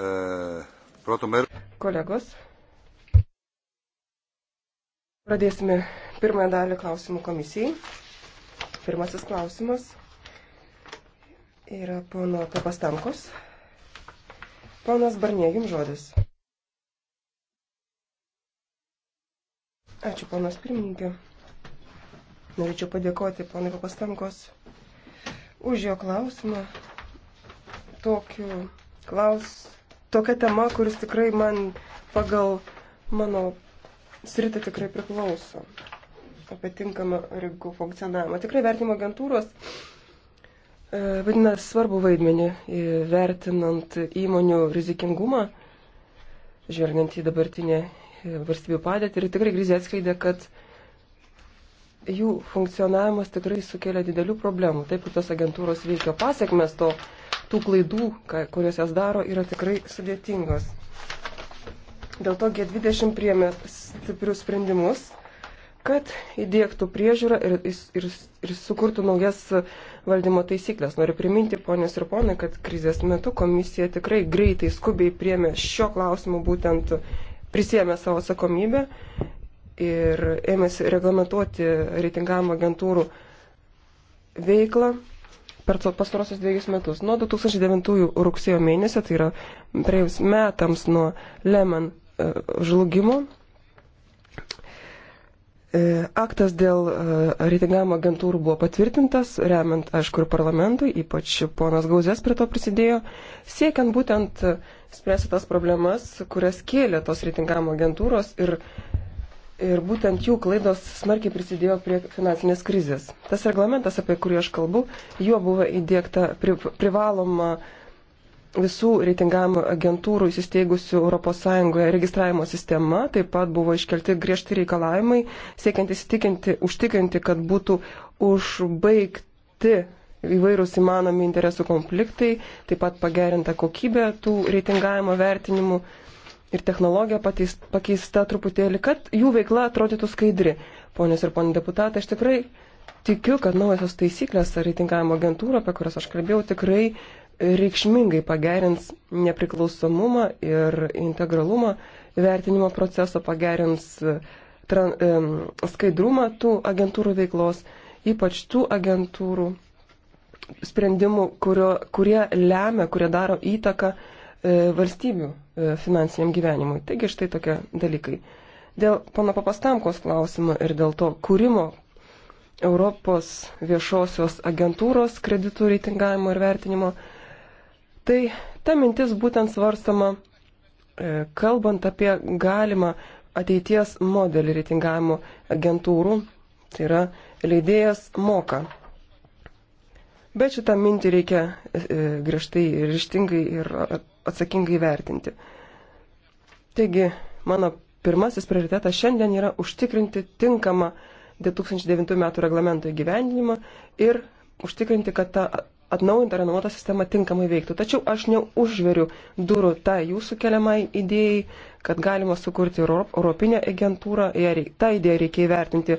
E, Kolegos, pradėsime pirmąją dalį klausimų komisijai. Pirmasis klausimas yra pono Papastankos. Ponas Barnė, jums žodis. Ačiū, ponas pirmininkė. Norėčiau padėkoti ponai Papastankos už jo klausimą. Tokiu klaus, tokia tema, kuris tikrai man pagal mano sritį tikrai priklauso apie tinkamą rigų funkcionavimą. Tikrai vertimo agentūros e, vadina svarbu vaidmenį vertinant įmonių rizikingumą, žvelgiant į dabartinę e, valstybių padėtį ir tikrai krizė atskleidė, kad jų funkcionavimas tikrai sukelia didelių problemų. Taip ir tos agentūros veikia pasiekmes to tų klaidų, kurias jas daro, yra tikrai sudėtingos. Dėl to G20 priemė stiprius sprendimus, kad įdėktų priežiūrą ir, ir, ir sukurtų naujas valdymo taisyklės. Noriu priminti, ponės ir ponai, kad krizės metu komisija tikrai greitai, skubiai priemė šio klausimu, būtent prisėmė savo atsakomybę ir ėmėsi reglamentuoti reitingavimo agentūrų veiklą per pastarosius dviejus metus. Nuo 2009 rugsėjo mėnesio, tai yra prieus metams nuo Lehman e, žlugimo, e, aktas dėl e, reitingavimo agentūrų buvo patvirtintas, remiant, aišku, ir parlamentui, ypač ponas Gauzės prie to prisidėjo, siekiant būtent spręsti tas problemas, kurias kėlė tos reitingavimo agentūros ir ir būtent jų klaidos smarkiai prisidėjo prie finansinės krizės. Tas reglamentas, apie kurį aš kalbu, juo buvo įdėkta pri, privaloma visų reitingavimo agentūrų įsisteigusių ES registravimo sistema, taip pat buvo iškelti griežti reikalavimai, siekiant įsitikinti, užtikrinti, kad būtų užbaigti įvairūs įmanomi interesų konfliktai, taip pat pagerinta kokybė tų reitingavimo vertinimų ir technologija pateis, pakeista truputėlį, kad jų veikla atrodytų skaidri. Ponios ir poniai deputatai, aš tikrai tikiu, kad naujosios taisyklės ar reitingavimo agentūra, apie kurias aš kalbėjau, tikrai reikšmingai pagerins nepriklausomumą ir integralumą vertinimo proceso, pagerins tran, um, skaidrumą tų agentūrų veiklos, ypač tų agentūrų sprendimų, kurio, kurie lemia, kurie daro įtaką e, valstybių E, finansiniam gyvenimui. Taigi štai tokie dalykai. Dėl pono papastamkos klausimo ir dėl to kūrimo Europos viešosios agentūros kreditų reitingavimo ir vertinimo, tai ta mintis būtent svarstama, e, kalbant apie galimą ateities modelį reitingavimo agentūrų, tai yra leidėjas moka. Bet šitą mintį reikia e, griežtai ir ryštingai ir atsakingai vertinti. Taigi, mano pirmasis prioritetas šiandien yra užtikrinti tinkamą 2009 metų reglamento įgyvendinimą ir užtikrinti, kad ta atnaujinta renovuota sistema tinkamai veiktų. Tačiau aš neužveriu durų tą tai jūsų keliamai idėjai, kad galima sukurti Europinę agentūrą. Ta idėja reikia įvertinti,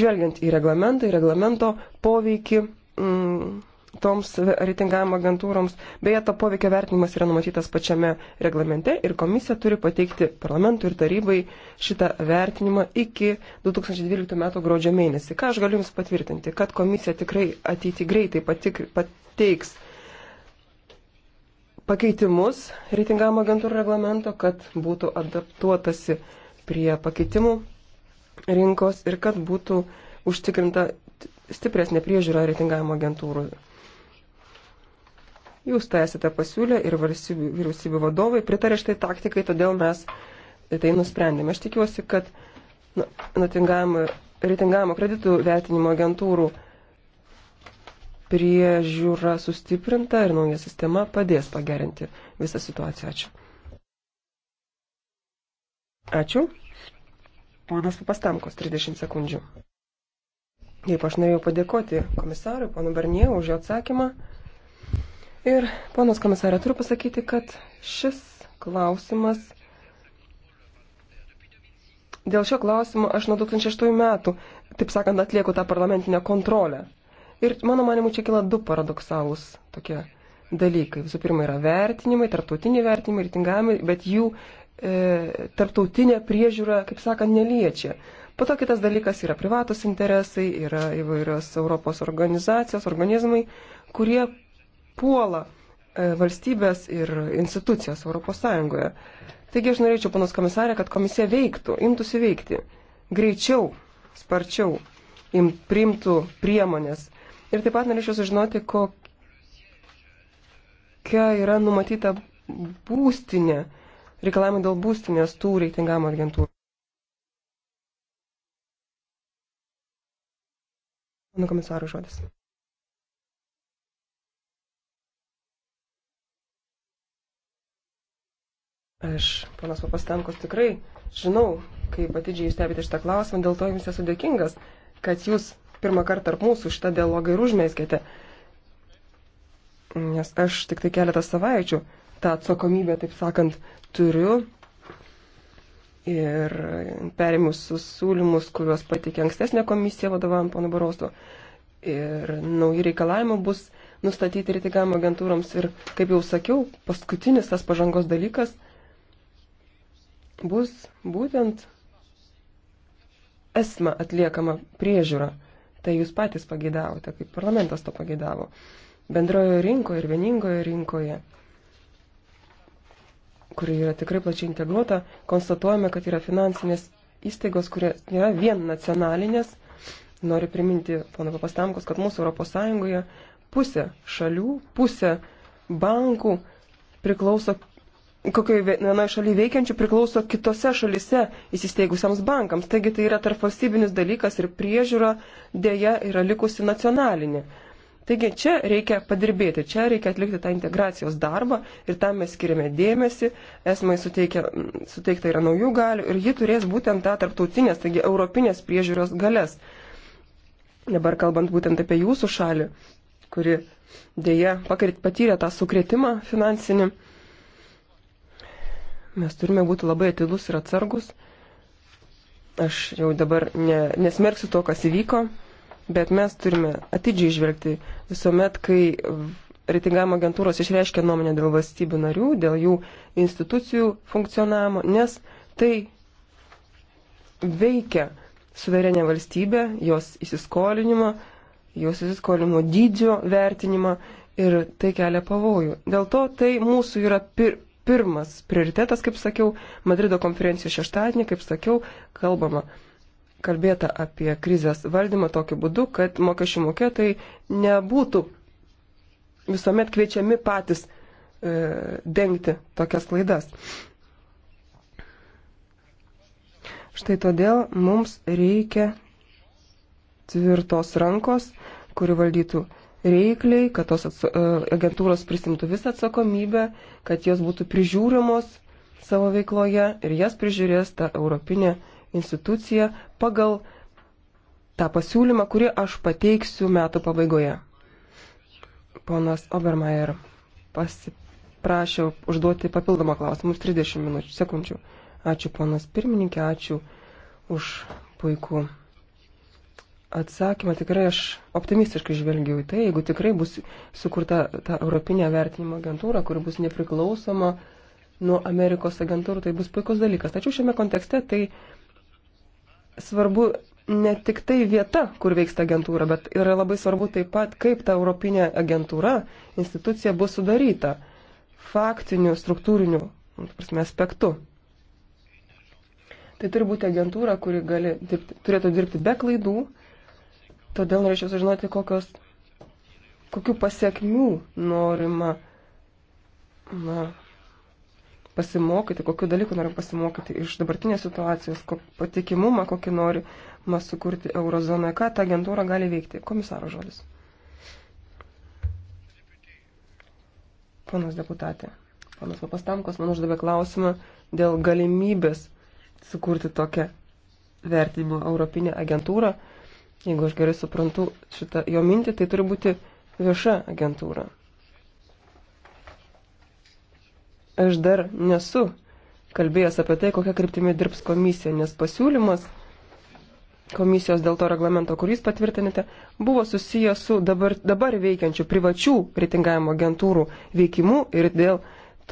žvelgiant į reglamentą, į reglamento poveikį. Mm, toms reitingavimo agentūroms. Beje, to poveikio vertinimas yra numatytas pačiame reglamente ir komisija turi pateikti parlamentui ir tarybai šitą vertinimą iki 2012 m. gruodžio mėnesį. Ką aš galiu Jums patvirtinti, kad komisija tikrai ateity greitai patikri, pateiks pakeitimus reitingavimo agentūrų reglamento, kad būtų adaptuotasi prie pakeitimų rinkos ir kad būtų užtikrinta stipresnė priežiūra reitingavimo agentūrų Jūs tai esate pasiūlę ir vyriausybių vadovai pritarė štai taktikai, todėl mes tai nusprendėme. Aš tikiuosi, kad nu, reitingavimo kreditų vertinimo agentūrų priežiūra sustiprinta ir nauja sistema padės pagerinti visą situaciją. Ačiū. Ačiū. Ponas Papastamkos, 30 sekundžių. Taip, aš norėjau padėkoti komisarui, ponu Barnie, už jo atsakymą. Ir, ponas komisarė, turiu pasakyti, kad šis klausimas. Dėl šio klausimo aš nuo 2006 metų, taip sakant, atlieku tą parlamentinę kontrolę. Ir mano manimu, čia kila du paradoksalūs tokie dalykai. Visų pirma, yra vertinimai, tarptautiniai vertinimai, reitingavimai, bet jų e, tarptautinė priežiūra, kaip sakant, neliečia. Po to kitas dalykas yra privatus interesai, yra įvairios Europos organizacijos, organizmai, kurie puola e, valstybės ir institucijas ES. Taigi aš norėčiau, panas komisarė, kad komisija veiktų, imtųsi veikti greičiau, sparčiau, im, priimtų priemonės. Ir taip pat norėčiau sužinoti, kokia yra numatyta būstinė, reikalavimai dėl būstinės tų reitingamo agentūrų. Pano komisarų žodis. Aš, panas Papastankos, tikrai žinau, kaip atidžiai jūs stebite šitą klausimą, dėl to jums esu dėkingas, kad jūs pirmą kartą tarp mūsų šitą dialogą ir užmėskite. Nes aš tik tai keletą savaičių tą atsakomybę, taip sakant, turiu ir perėmus siūlymus, kuriuos patikė ankstesnė komisija vadovaujant pono Barosto. Ir nauji reikalavimai bus nustatyti reitingavimo agentūroms. Ir, kaip jau sakiau, paskutinis tas pažangos dalykas bus būtent esma atliekama priežiūra. Tai jūs patys pageidavote, kaip parlamentas to pageidavo. Bendrojo rinkoje ir vieningoje rinkoje, kuri yra tikrai plačiai integruota, konstatuojame, kad yra finansinės įstaigos, kurie nėra vien nacionalinės. Noriu priminti, pono Papastamkos, kad mūsų ES pusė šalių, pusė bankų priklauso kokioje vienoje šalyje veikiančių priklauso kitose šalyse įsisteigusiems bankams. Taigi tai yra tarp valstybinis dalykas ir priežiūra dėja yra likusi nacionalinė. Taigi čia reikia padirbėti, čia reikia atlikti tą integracijos darbą ir tam mes skiriame dėmesį, esmai suteikia, suteikta yra naujų galių ir ji turės būtent tą tarptautinės, taigi europinės priežiūros galės. Dabar kalbant būtent apie jūsų šalį, kuri dėja patyrė tą sukretimą finansinį Mes turime būti labai atilus ir atsargus. Aš jau dabar ne, nesmerksiu to, kas įvyko, bet mes turime atidžiai žvelgti visuomet, kai reitingavimo agentūros išreiškia nuomonę dėl valstybių narių, dėl jų institucijų funkcionavimo, nes tai veikia suverenę valstybę, jos įsiskolinimą, jos įsiskolinimo dydžio vertinimą ir tai kelia pavojų. Dėl to tai mūsų yra pir, pirmas prioritetas, kaip sakiau, Madrido konferencijų šeštadienį, kaip sakiau, kalbama. Kalbėta apie krizės valdymą tokiu būdu, kad mokesčių mokėtai nebūtų visuomet kviečiami patys e, dengti tokias klaidas. Štai todėl mums reikia tvirtos rankos, kuri valdytų reikliai, kad tos e, agentūros prisimtų visą atsakomybę, kad jos būtų prižiūrimos savo veikloje ir jas prižiūrės ta Europinė institucija pagal tą pasiūlymą, kurį aš pateiksiu metų pabaigoje. Ponas Obermeier pasiprašė užduoti papildomą klausimą už 30 minučių, sekundžių. Ačiū ponas pirmininkė, ačiū už puikų atsakymą tikrai aš optimistiškai žvelgiu į tai, jeigu tikrai bus sukurta ta Europinė vertinimo agentūra, kuri bus nepriklausoma nuo Amerikos agentūrų, tai bus puikus dalykas. Tačiau šiame kontekste tai svarbu ne tik tai vieta, kur veiksta agentūra, bet yra labai svarbu taip pat, kaip ta Europinė agentūra, institucija bus sudaryta faktiniu, struktūriniu nu, prasme, aspektu. Tai turi būti agentūra, kuri gali dirbti, turėtų dirbti be klaidų, Todėl norėčiau sužinoti, kokios, kokių pasiekmių norima na, pasimokyti, kokiu dalyku norim pasimokyti iš dabartinės situacijos, kok, patikimumą, kokį norima sukurti eurozonoje, ką ta agentūra gali veikti. Komisaro žodis. Ponas deputatė, ponas Papastamkos man uždavė klausimą dėl galimybės sukurti tokią vertinimo europinę agentūrą. Jeigu aš gerai suprantu šitą jo mintį, tai turi būti vieša agentūra. Aš dar nesu kalbėjęs apie tai, kokią kryptimį dirbs komisija, nes pasiūlymas komisijos dėl to reglamento, kurį jūs patvirtinate, buvo susijęs su dabar, dabar veikiančių privačių reitingavimo agentūrų veikimu ir dėl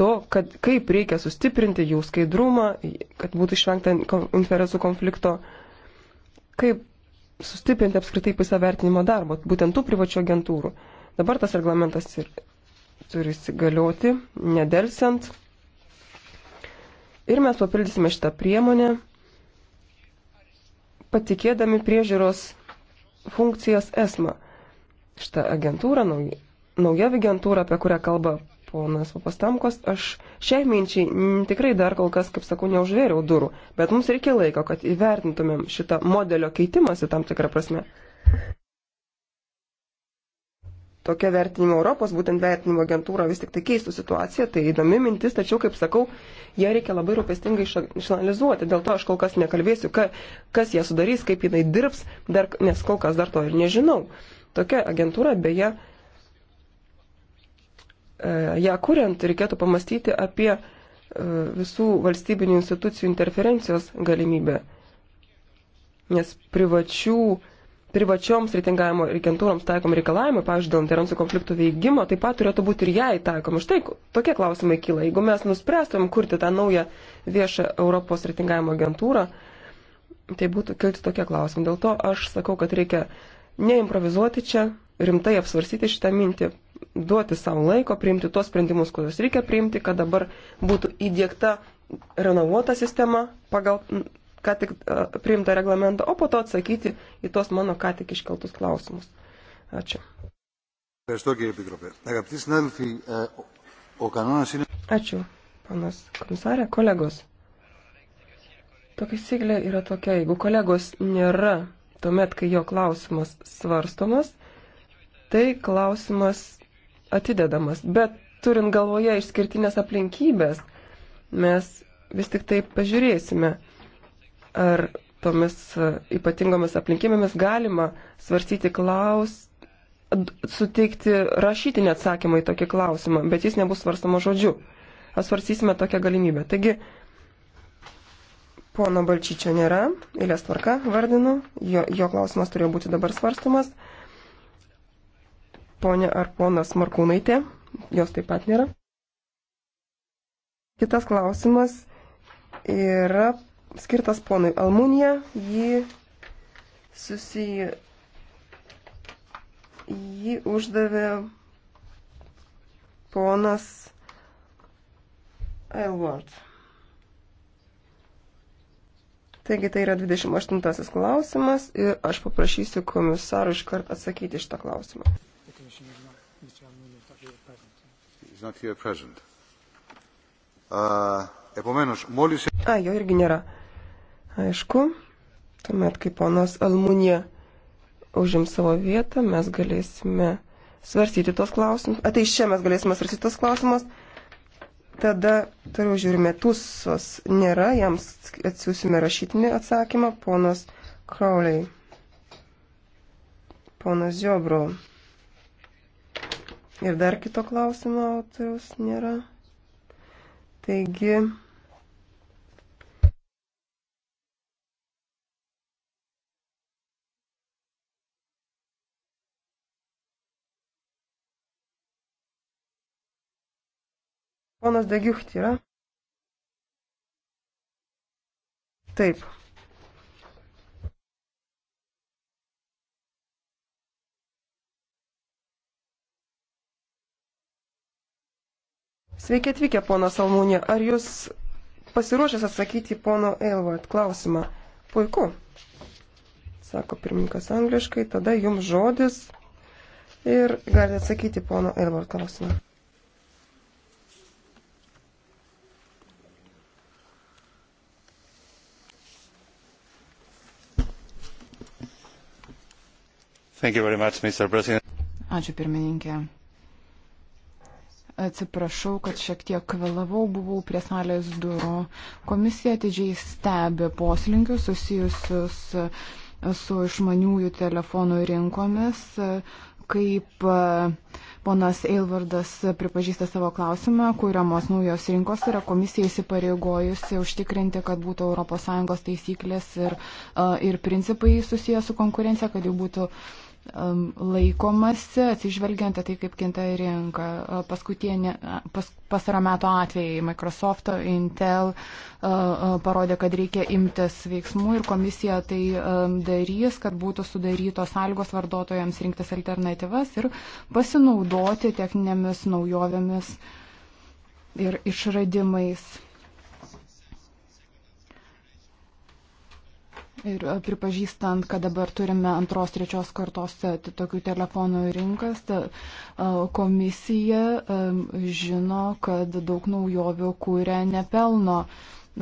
to, kad kaip reikia sustiprinti jų skaidrumą, kad būtų išvengta interesų konflikto, kaip sustiprinti apskritai pusiavertinimo darbo, būtent tų privačių agentūrų. Dabar tas reglamentas ir turi įsigalioti, nedelsiant. Ir mes papildysime šitą priemonę, patikėdami priežiūros funkcijas ESMA. Šitą agentūrą, nauja, nauja agentūra, apie kurią kalba ponas Papastamkos, aš šiai minčiai mm, tikrai dar kol kas, kaip sakau, neužvėriau durų, bet mums reikia laiko, kad įvertintumėm šitą modelio keitimąsi tam tikrą prasme. Tokia vertinimo Europos, būtent vertinimo agentūra vis tik tai keistų situaciją, tai įdomi mintis, tačiau, kaip sakau, ją reikia labai rūpestingai išanalizuoti. Dėl to aš kol kas nekalbėsiu, ka, kas ją sudarys, kaip jinai dirbs, dar, nes kol kas dar to ir nežinau. Tokia agentūra beje E, ją ja, kuriant reikėtų pamastyti apie e, visų valstybinių institucijų interferencijos galimybę. Nes privačių, privačioms reitingavimo agentūroms taikom reikalavimai, pavyzdžiui, dėl interesų konfliktų veikimo, taip pat turėtų būti ir jai taikom. Štai tokie klausimai kyla. Jeigu mes nuspręstumėm kurti tą naują viešą Europos reitingavimo agentūrą, tai būtų kilti tokie klausimai. Dėl to aš sakau, kad reikia neimprovizuoti čia, rimtai apsvarsyti šitą mintį, duoti savo laiko, priimti tuos sprendimus, kuriuos reikia priimti, kad dabar būtų įdėkta renovuota sistema pagal ką tik priimtą reglamentą, o po to atsakyti į tuos mano ką tik iškeltus klausimus. Ačiū. Ačiū, panas komisarė, kolegos. Tokia siglė yra tokia, jeigu kolegos nėra tuomet, kai jo klausimas svarstomas, tai klausimas atidedamas. Bet turint galvoje išskirtinės aplinkybės, mes vis tik taip pažiūrėsime, ar tomis e, ypatingomis aplinkybėmis galima svarstyti klaus, suteikti rašytinį atsakymą į tokį klausimą, bet jis nebus svarstama žodžiu. Asvarsysime tokią galimybę. Taigi, pono Balčyčio nėra, eilės tvarka vardinu, jo, jo klausimas turėjo būti dabar svarstomas ponė ar ponas Markūnaitė. Jos taip pat nėra. Kitas klausimas yra skirtas ponui Almunija. Jį susiję. Jį uždavė ponas Aylward. Taigi tai yra 28 klausimas ir aš paprašysiu komisarų iškart atsakyti šitą klausimą. not here present. Uh, epomenos, molis... A, jo irgi nėra. Aišku, tuomet kai ponas Almunija užims savo vietą, mes galėsime svarstyti tos klausimus. Atai čia mes galėsime svarstyti tos klausimus. Tada toliau žiūrime, tusos nėra, jam atsiūsime rašytinį atsakymą, ponas Crowley, ponas Ziobro. Ir dar kito klausimo autoriaus nėra. Taigi. Ponas Degiucht yra? Taip. Sveiki atvykę, ponas Almūnė. Ar jūs pasiruošęs atsakyti į pono Eilvart klausimą? Puiku, sako pirmininkas angliškai, tada jums žodis ir galite atsakyti pono Eilvart klausimą. Much, Ačiū pirmininkė. Atsiprašau, kad šiek tiek vėlavau, buvau prie salės durų. Komisija atidžiai stebi poslinkius susijusius su išmaniųjų telefonų rinkomis, kaip e, ponas Eilvardas pripažįsta savo klausimą, kuriamos naujos rinkos yra komisija įsipareigojusi užtikrinti, kad būtų ES taisyklės ir, e, ir principai susijęs su konkurencija, kad jų būtų uh, Um, laikomasi, atsižvelgiant tai, kaip kinta rinka. Uh, Paskutinė, uh, pas, pasaro metų atvejai Microsoft, Intel uh, parodė, kad reikia imtis veiksmų ir komisija tai um, darys, kad būtų sudarytos sąlygos vartotojams rinktis alternatyvas ir pasinaudoti techninėmis naujovėmis ir išradimais. Ir e, pripažįstant, kad dabar turime antros, trečios kartos e, tokių telefonų rinkas, e, komisija žino, kad daug naujovių kūrė nepelno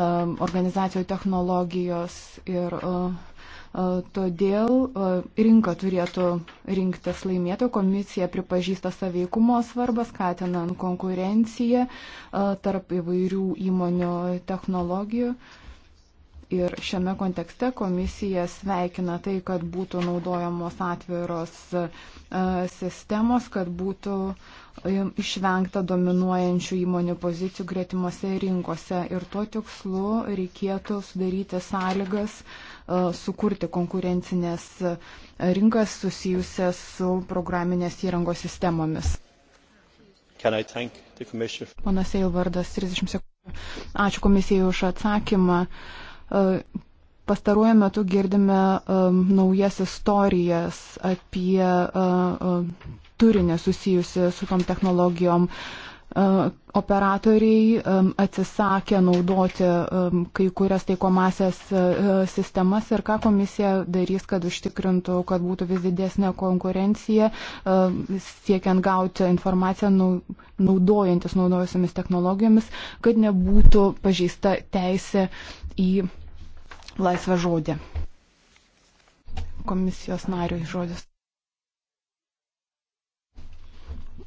organizacijų technologijos ir todėl rinka turėtų rinktis laimėtą, komisija pripažįsta saveikumo svarbą, skatinant konkurenciją tarp įvairių įmonių technologijų. Ir šiame kontekste komisija sveikina tai, kad būtų naudojamos atviros e, sistemos, kad būtų e, išvengta dominuojančių įmonių pozicijų gretimose rinkose. Ir tuo tikslu reikėtų sudaryti sąlygas e, sukurti konkurencinės rinkas susijusias su programinės įrangos sistemomis. Panas Eilvardas, 30 sekundžių. Ačiū komisijai už atsakymą. Uh, E, pastaruoju metu girdime um, naujas istorijas apie uh, turinį susijusi su tom technologijom. Uh, operatoriai um, atsisakė naudoti um, kai kurias taikomasias uh, sistemas ir ką komisija darys, kad užtikrintų, kad būtų vis didesnė konkurencija, uh, siekiant gauti informaciją nau, naudojantis naudojusiamis technologijomis, kad nebūtų pažeista teisė į laisvą žodį. Komisijos nariui žodis.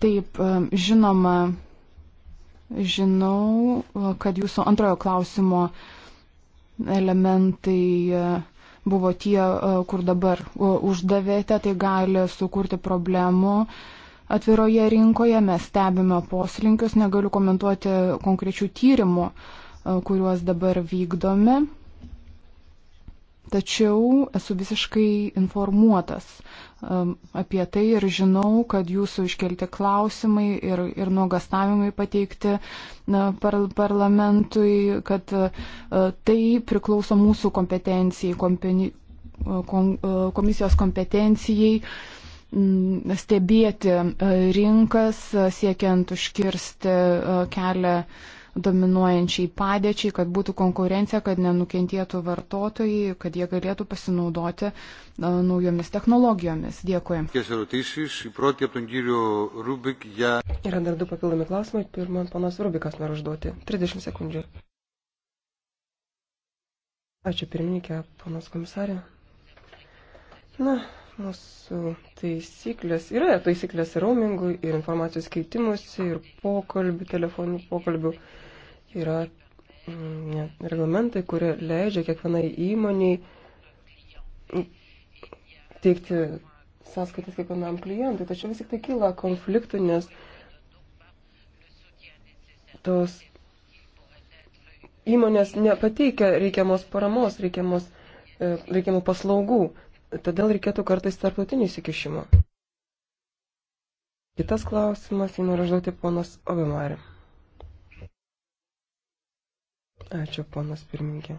Taip, žinoma, žinau, kad jūsų antrojo klausimo elementai e, buvo tie, e, kur dabar e, uždavėte, tai gali sukurti problemų. Atviroje rinkoje mes stebime poslinkius, negaliu komentuoti konkrečių tyrimų, kuriuos dabar vykdome. Tačiau esu visiškai informuotas um, apie tai ir žinau, kad jūsų iškelti klausimai ir, ir nuogastavimai pateikti na, par, parlamentui, kad uh, tai priklauso mūsų kompetencijai, kompeni, e, kom, e, komisijos kompetencijai. Uh, stebėti rinkas, siekiant užkirsti kelią dominuojančiai padėčiai, kad būtų konkurencija, kad nenukentėtų vartotojai, kad jie galėtų pasinaudoti naujomis technologijomis. Dėkui. Yra dar du papildomi klausimai. Pirmą panas Rubikas nori užduoti. 30 sekundžių. Ačiū pirmininkė, panas komisarė. Na, mūsų taisyklės. Yra taisyklės ir roamingui, ir informacijos keitimusi, ir pokalbių, telefonų pokalbių yra mm, ne, reglamentai, kurie leidžia kiekvienai įmoniai teikti sąskaitas kiekvienam klientui. Tačiau vis tik tai kyla konfliktų, nes tos įmonės nepateikia reikiamos paramos, reikiamos, e, reikiamų paslaugų. Todėl reikėtų kartais tarptautinį įsikišimą. Kitas klausimas, jį noriu užduoti ponas Obimarė. Ačiū, ponas pirmininkė.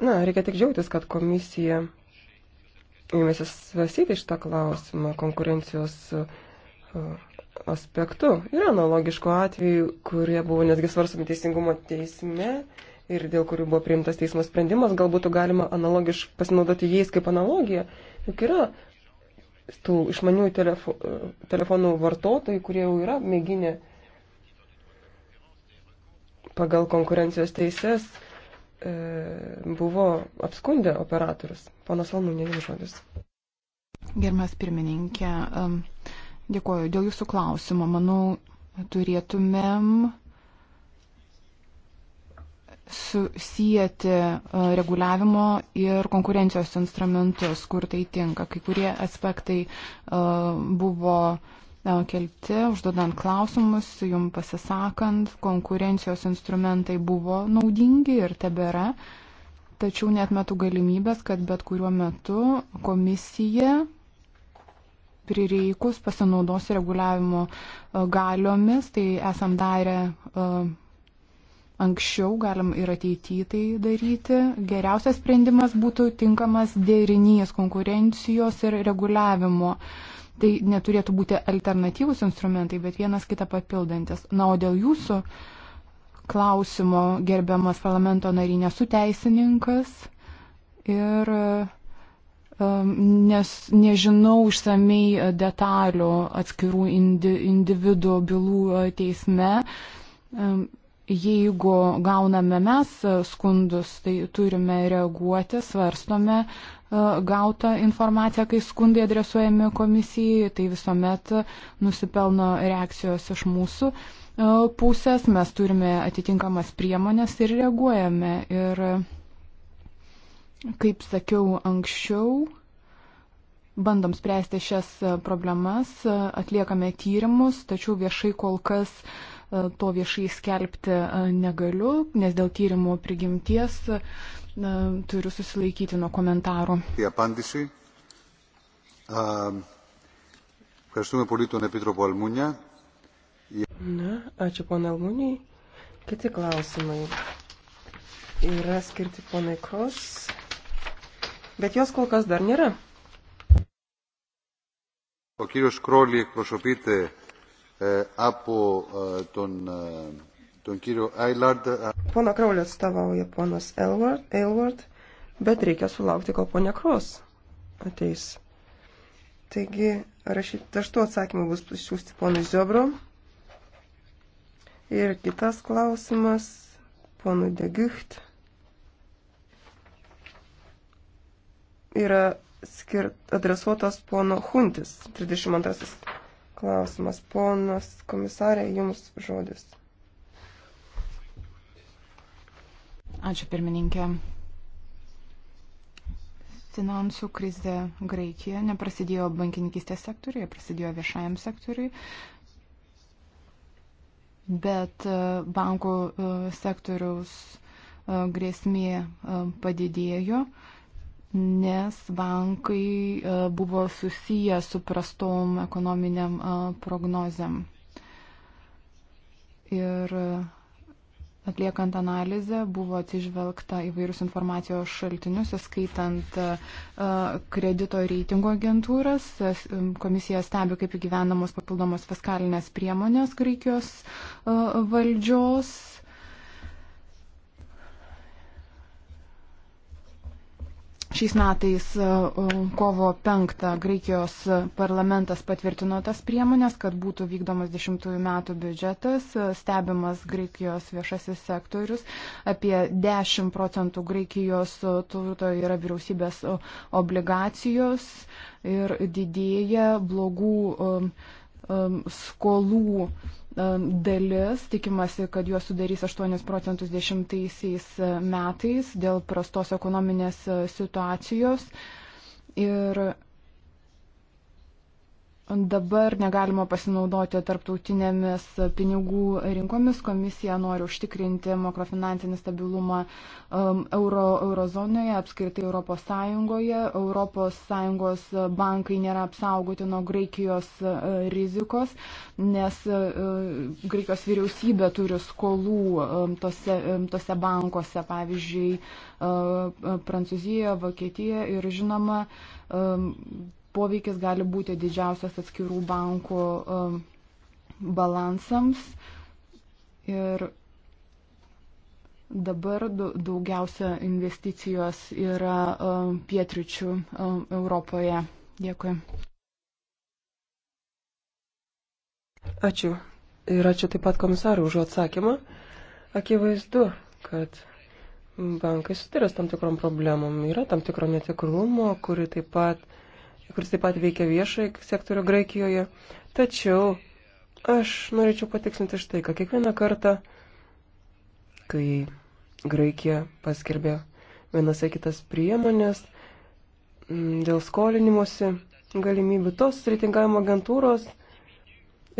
Na, reikia tik džiaugtis, kad komisija ėmėsi svarstyti šitą klausimą konkurencijos e, aspektu. Yra analogiškų atvejų, kurie buvo netgi svarstomi teisingumo teisme ir dėl kurių buvo priimtas teismo sprendimas, gal būtų galima analogiškai pasinaudoti jais kaip analogiją. Juk yra tų išmanių telefo, e, telefonų vartotojai, kurie jau yra mėginę pagal konkurencijos teises e, buvo apskundę operatorius. Ponas Almūnė, jums žodis. Gerbiamas pirmininkė, dėkoju dėl jūsų klausimo. Manau, turėtumėm susijęti e, reguliavimo ir konkurencijos instrumentus, kur tai tinka. Kai kurie aspektai e, buvo kelti, užduodant klausimus, jum pasisakant, konkurencijos instrumentai buvo naudingi ir tebėra, tačiau net metu galimybės, kad bet kuriuo metu komisija prireikus pasinaudos reguliavimo e, galiomis, tai esam darę e, anksčiau, galim ir ateityje tai daryti. Geriausias sprendimas būtų tinkamas dėrinys konkurencijos ir reguliavimo tai neturėtų būti alternatyvus instrumentai, bet vienas kitą papildantis. Na, o dėl jūsų klausimo, gerbiamas parlamento nary, nesu teisininkas ir um, nes nežinau išsamei detalių atskirų indi, individų bylų uh, teisme. Um, Jeigu gauname mes e, skundus, tai turime reaguoti, svarstome e, gautą informaciją, kai skundai adresuojami komisijai, tai visuomet nusipelno reakcijos iš mūsų e, pusės, mes turime atitinkamas priemonės ir reaguojame. Ir kaip sakiau anksčiau, bandom spręsti šias problemas, atliekame tyrimus, tačiau viešai kol kas uh, to viešai skelbti negaliu, nes dėl tyrimo prigimties turiu susilaikyti nuo komentarų. Na, ačiū ponai Almūniai. Kiti klausimai yra skirti ponai Kros, bet jos kol kas dar nėra. O kyrius Krolį, prašopite, από τον, τον κύριο Ailard. Pono Kraulio atstovauja ponas Aylward, bet reikia sulaukti, kol ponia Kros ateis. Taigi, raštų atsakymų bus siūsti ponui Ziobro. Ir kitas klausimas ponui Degicht yra skirt, adresuotas pono Huntis, 32 klausimas. Ponas komisarė, jums žodis. Ačiū pirmininkė. Finansų krizė Graikijoje neprasidėjo bankininkistės sektoriuje, prasidėjo viešajam sektoriui, bet e, bankų e, sektoriaus e, grėsmė padidėjo nes bankai e, buvo susiję su prastom ekonominiam e, prognozėm. Ir e, atliekant analizę buvo atsižvelgta įvairius informacijos šaltinius, įskaitant kredito reitingo agentūras. Komisija stebi, kaip įgyvenamos papildomos fiskalinės priemonės Graikijos valdžios Šiais metais e, e, kovo 5 Graikijos parlamentas patvirtino tas priemonės, kad būtų vykdomas 10 metų biudžetas, e, stebimas Graikijos viešasis sektorius. Apie 10 procentų Graikijos turto yra vyriausybės obligacijos ir didėja blogų skolų dalis, tikimasi, kad juos sudarys 8 procentus dešimtaisiais e, metais dėl prastos ekonominės e, situacijos. Ir dabar negalima pasinaudoti tarptautinėmis pinigų rinkomis. Komisija nori užtikrinti makrofinansinį stabilumą um, euro, eurozonoje, apskritai Europos Sąjungoje. Europos Sąjungos bankai nėra apsaugoti nuo Graikijos uh, rizikos, nes uh, Graikijos vyriausybė turi skolų um, tose, um, tose bankose, pavyzdžiui, uh, Prancūzijoje, Vokietijoje ir žinoma, poveikis gali būti didžiausias atskirų bankų um, balansams. Ir dabar daugiausia investicijos yra um, pietričių um, Europoje. Dėkui. Ačiū. Ir ačiū taip pat komisarui už atsakymą. Akivaizdu, kad bankai sutiria tam tikrom problemom. Yra tam tikro netikrumo, kuri taip pat kuris taip pat veikia viešai sektorių Graikijoje. Tačiau aš norėčiau patikslinti štai, kad kiekvieną kartą, kai Graikija paskelbė vienas ar kitas priemonės mm, dėl skolinimuose galimybių, tos reitingavimo agentūros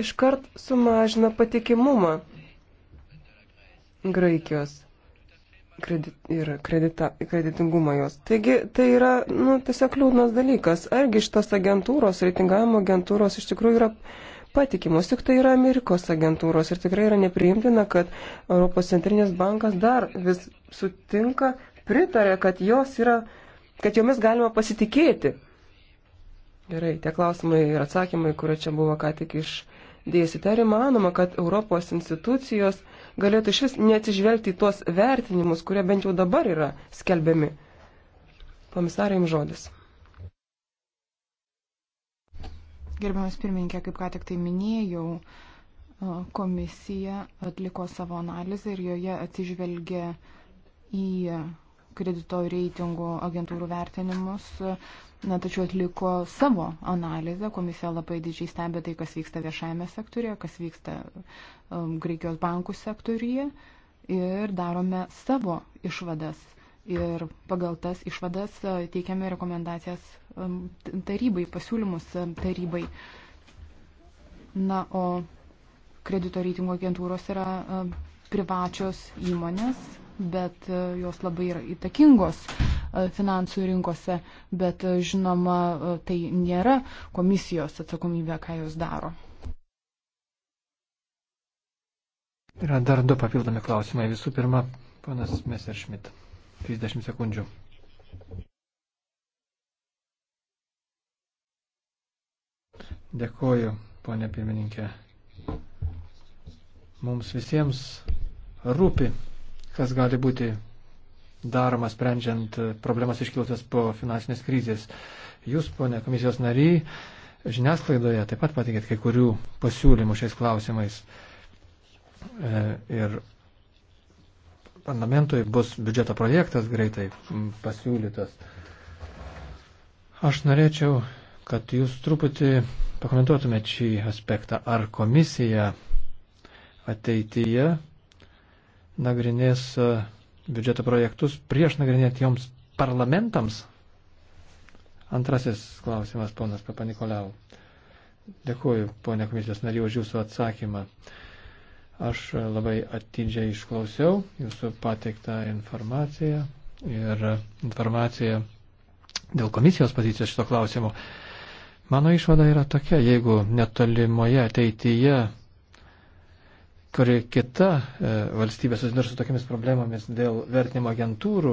iškart sumažina patikimumą Graikijos kredit ir kredita, kreditingumo jos. Taigi tai yra nu, tiesiog liūdnas dalykas. Argi šitos agentūros, reitingavimo agentūros iš tikrųjų yra patikimos, tik tai yra Amerikos agentūros ir tikrai yra nepriimtina, kad Europos centrinės bankas dar vis sutinka, pritarė, kad jos yra, kad jomis galima pasitikėti. Gerai, tie klausimai ir atsakymai, kurie čia buvo ką tik išdėsite, ar įmanoma, kad Europos institucijos galėtų šis neatsižvelgti į tuos vertinimus, kurie bent jau dabar yra skelbiami. Komisarai, jums žodis. Gerbiamas pirmininkė, kaip ką tik tai minėjau, komisija atliko savo analizę ir joje atsižvelgė į kredito reitingų agentūrų vertinimus, na, tačiau atliko savo analizę. Komisija labai didžiai stebė tai, kas vyksta viešajame sektorėje, kas vyksta um, Graikijos bankų sektorėje ir darome savo išvadas. Ir pagal tas išvadas uh, teikiame rekomendacijas um, tarybai, pasiūlymus um, tarybai. Na, o kredito reitingo agentūros yra um, privačios įmonės, bet e, jos labai yra įtakingos e, finansų rinkose, bet e, žinoma, tai nėra komisijos atsakomybė, ką jos daro. Yra dar du papildomi klausimai. Visų pirma, panas Messerschmidt, 30 sekundžių. Dėkoju, ponė pirmininkė. Mums visiems rūpi kas gali būti daroma sprendžiant problemas iškilusias po finansinės krizės. Jūs, ponė komisijos nariai, žiniasklaidoje taip pat patikėt kai kurių pasiūlymų šiais klausimais. E, ir parlamentui bus biudžeto projektas greitai pasiūlytas. Aš norėčiau, kad jūs truputį pakomentuotumėte šį aspektą. Ar komisija ateityje nagrinės e, biudžeto projektus prieš nagrinėti joms parlamentams? Antrasis klausimas, ponas Papanikolau. Dėkuoju, ponė komisijos nariu, už jūsų atsakymą. Aš e, labai atidžiai išklausiau jūsų pateiktą informaciją ir informaciją dėl komisijos pozicijos šito klausimu. Mano išvada yra tokia, jeigu netolimoje ateityje kuri kita e, valstybė susidurs su tokiamis problemomis dėl vertinimo agentūrų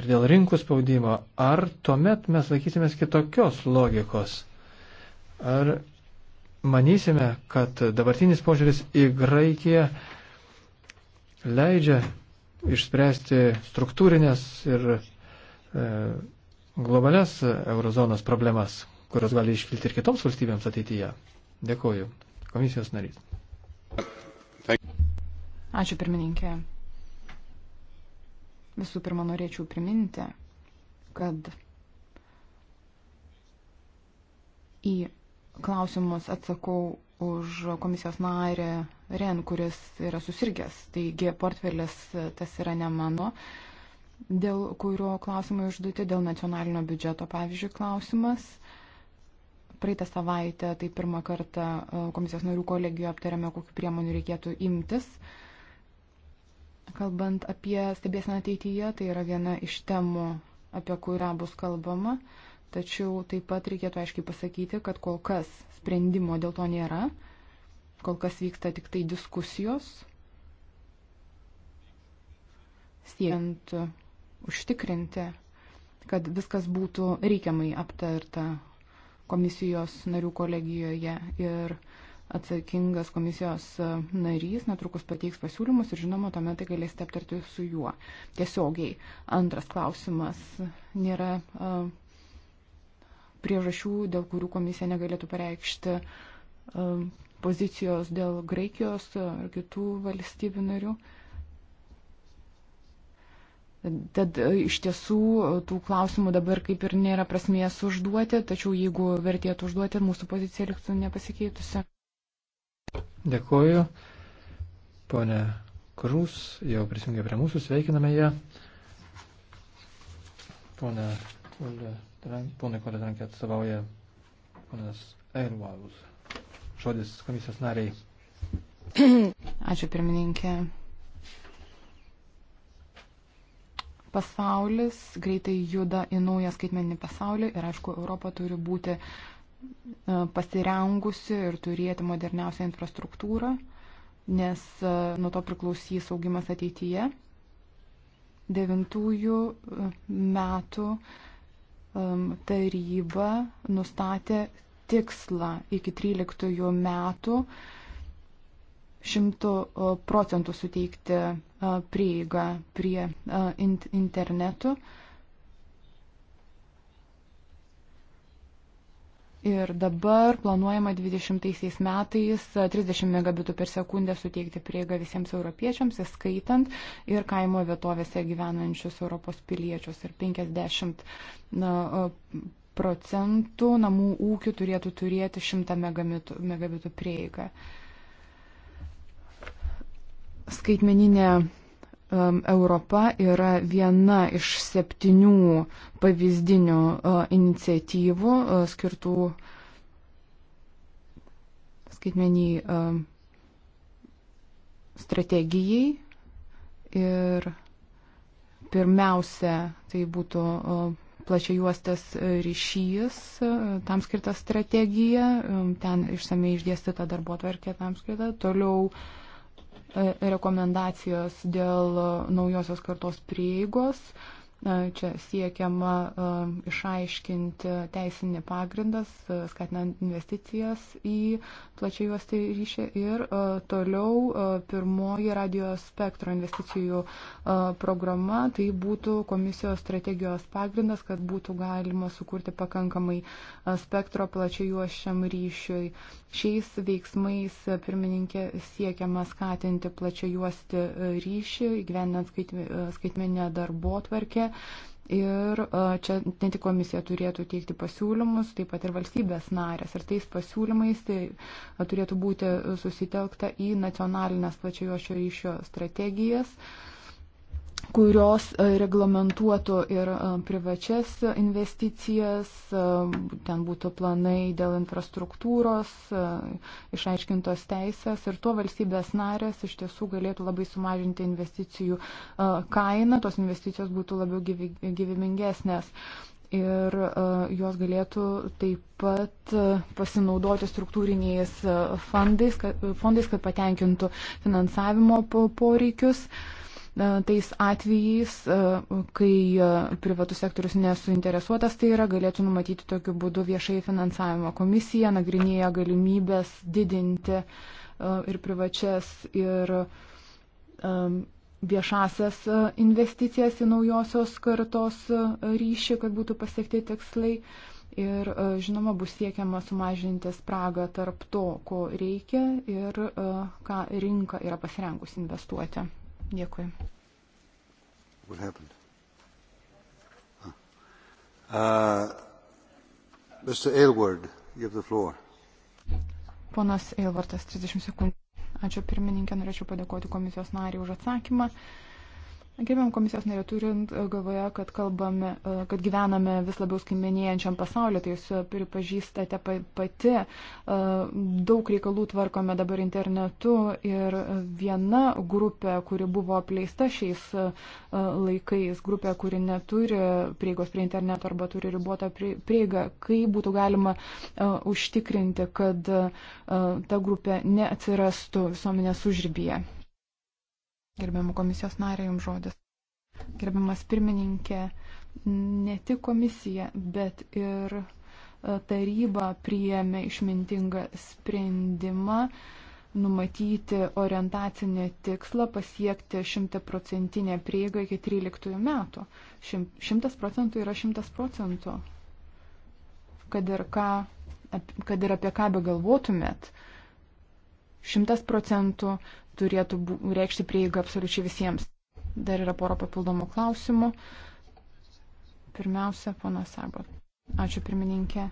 ir dėl rinkų spaudimo, ar tuomet mes laikysimės kitokios logikos? Ar manysime, kad dabartinis požiūris į Graikiją leidžia išspręsti struktūrinės ir e, globales eurozonos problemas, kurios gali iškilti ir kitoms valstybėms ateityje? Dėkuoju. Komisijos narys. Ačiū pirmininkė. Visų pirma, norėčiau priminti, kad į klausimus atsakau už komisijos narį Ren, kuris yra susirgęs. Taigi portfelis tas yra ne mano, dėl kurio klausimai užduoti, dėl nacionalinio biudžeto, pavyzdžiui, klausimas. Uh, Praeitą savaitę tai pirmą kartą e, komisijos narių kolegijoje aptarėme, kokiu priemonių reikėtų imtis. Kalbant apie stebėseną ateityje, tai yra viena iš temų, apie kurią bus kalbama. Tačiau taip pat reikėtų aiškiai pasakyti, kad kol kas sprendimo dėl to nėra. Kol kas vyksta tik tai diskusijos, siekiant užtikrinti, kad viskas būtų reikiamai aptarta komisijos narių kolegijoje ir atsakingas komisijos narys netrukus pateiks pasiūlymus ir žinoma, tuomet tai galėsite aptarti su juo tiesiogiai. Antras klausimas nėra priežasčių, dėl kurių komisija negalėtų pareikšti pozicijos dėl Graikijos ar kitų valstybių narių. Tad e, iš tiesų tų klausimų dabar kaip ir nėra prasmės užduoti, tačiau jeigu vertėtų užduoti, mūsų pozicija liktų nepasikeitusi. Dėkuoju. Pone Krus, jau prisijungė prie mūsų, sveikiname ją. Pone Kolė Trankė atstovauja ponas Eilvalus. Žodis komisijos nariai. Ačiū pirmininkė. pasaulis greitai juda į naują skaitmeninį pasaulį ir, aišku, Europa turi būti e, pasirengusi ir turėti moderniausią infrastruktūrą, nes e, nuo to priklausys augimas ateityje. Devintųjų e, metų taryba nustatė tikslą iki 13 metų šimtų e, procentų suteikti e, prieigą prie e, internetų. Ir dabar planuojama 20 metais 30 megabitų per sekundę suteikti prieigą visiems europiečiams, įskaitant ir kaimo vietovėse gyvenančius Europos piliečius. Ir 50 na, procentų namų ūkių turėtų turėti 100 megabitų prieigą. Uh, Skaitmeninė Europa yra viena iš septynių pavyzdinių e, iniciatyvų e, skirtų skaitmeniai e, strategijai. Ir pirmiausia, tai būtų plačiai juostas ryšys, tam skirta strategija, ten išsamei išdėstyta darbo tvarkė tam skirta, toliau uh, rekomendacijos dėl naujosios kartos prieigos Čia siekiama e, išaiškinti teisinį pagrindas, skatinant investicijas į plačiai juostį ryšį. Ir e, toliau e, pirmoji radio spektro investicijų programa, tai būtų komisijos strategijos pagrindas, kad būtų galima sukurti pakankamai spektro plačiai juošiam ryšiui. Šiais veiksmais pirmininkė siekiama skatinti plačiai juosti ryšį, gyvenant skaitmenę darbo tvarkę Ir čia ne tik komisija turėtų teikti pasiūlymus, taip pat ir valstybės narės. Ir tais pasiūlymais tai turėtų būti susitelkta į nacionalinės plačiojo šio ryšio strategijas. Uh, kurios e, reglamentuotų ir e, privačias investicijas, e, ten būtų planai dėl infrastruktūros, išaiškintos teisės ir tuo valstybės narės iš tiesų galėtų labai sumažinti investicijų kainą, tos investicijos būtų labiau gyvybingesnės. Ir jos galėtų taip pat pasinaudoti struktūriniais fondais, kad, fondais, kad patenkintų finansavimo poreikius. Po tais atvejais, e, kai e, privatus sektorius nesuinteresuotas tai yra, galėtų numatyti tokiu būdu viešai finansavimo. Komisija nagrinėja galimybės didinti e, ir privačias, ir viešasias investicijas į naujosios kartos ryšį, kad būtų pasiekti tikslai. Ir žinoma, bus siekiama sumažinti spragą tarp to, ko reikia ir ką rinka yra pasirengusi investuoti. Dėkui. What happened? Uh, Mr. Aylward, you have the floor. Ponas Eilvartas, 30 sekundžių. Ačiū pirmininkė, norėčiau padėkoti komisijos nariai už atsakymą. Uh, Gerbiam komisijos narė, turint e, galvoje, kad, kalbame, e, kad gyvename vis labiau skaiminėjančiam pasauliu, tai jūs e, pripažįstate pati, daug reikalų tvarkome dabar internetu ir viena grupė, kuri buvo apleista šiais laikais, grupė, kuri neturi prieigos prie interneto arba turi ribotą prieigą, kaip būtų galima užtikrinti, kad ta grupė neatsirastų visuomenės užrybėje. Gerbiamų komisijos narė, jums žodis. Gerbiamas pirmininkė, ne tik komisija, bet ir e, taryba priėmė išmintingą sprendimą numatyti orientacinę tikslą pasiekti 100% prieigą iki 13 metų. 100 procentų yra 100 procentų. Kad ir, ką, kad ir apie ką begalvotumėt, 100 procentų turėtų reikšti prieigą absoliučiai visiems. Dar yra poro papildomų klausimų. Pirmiausia, ponas Sabo. Ačiū pirmininkė.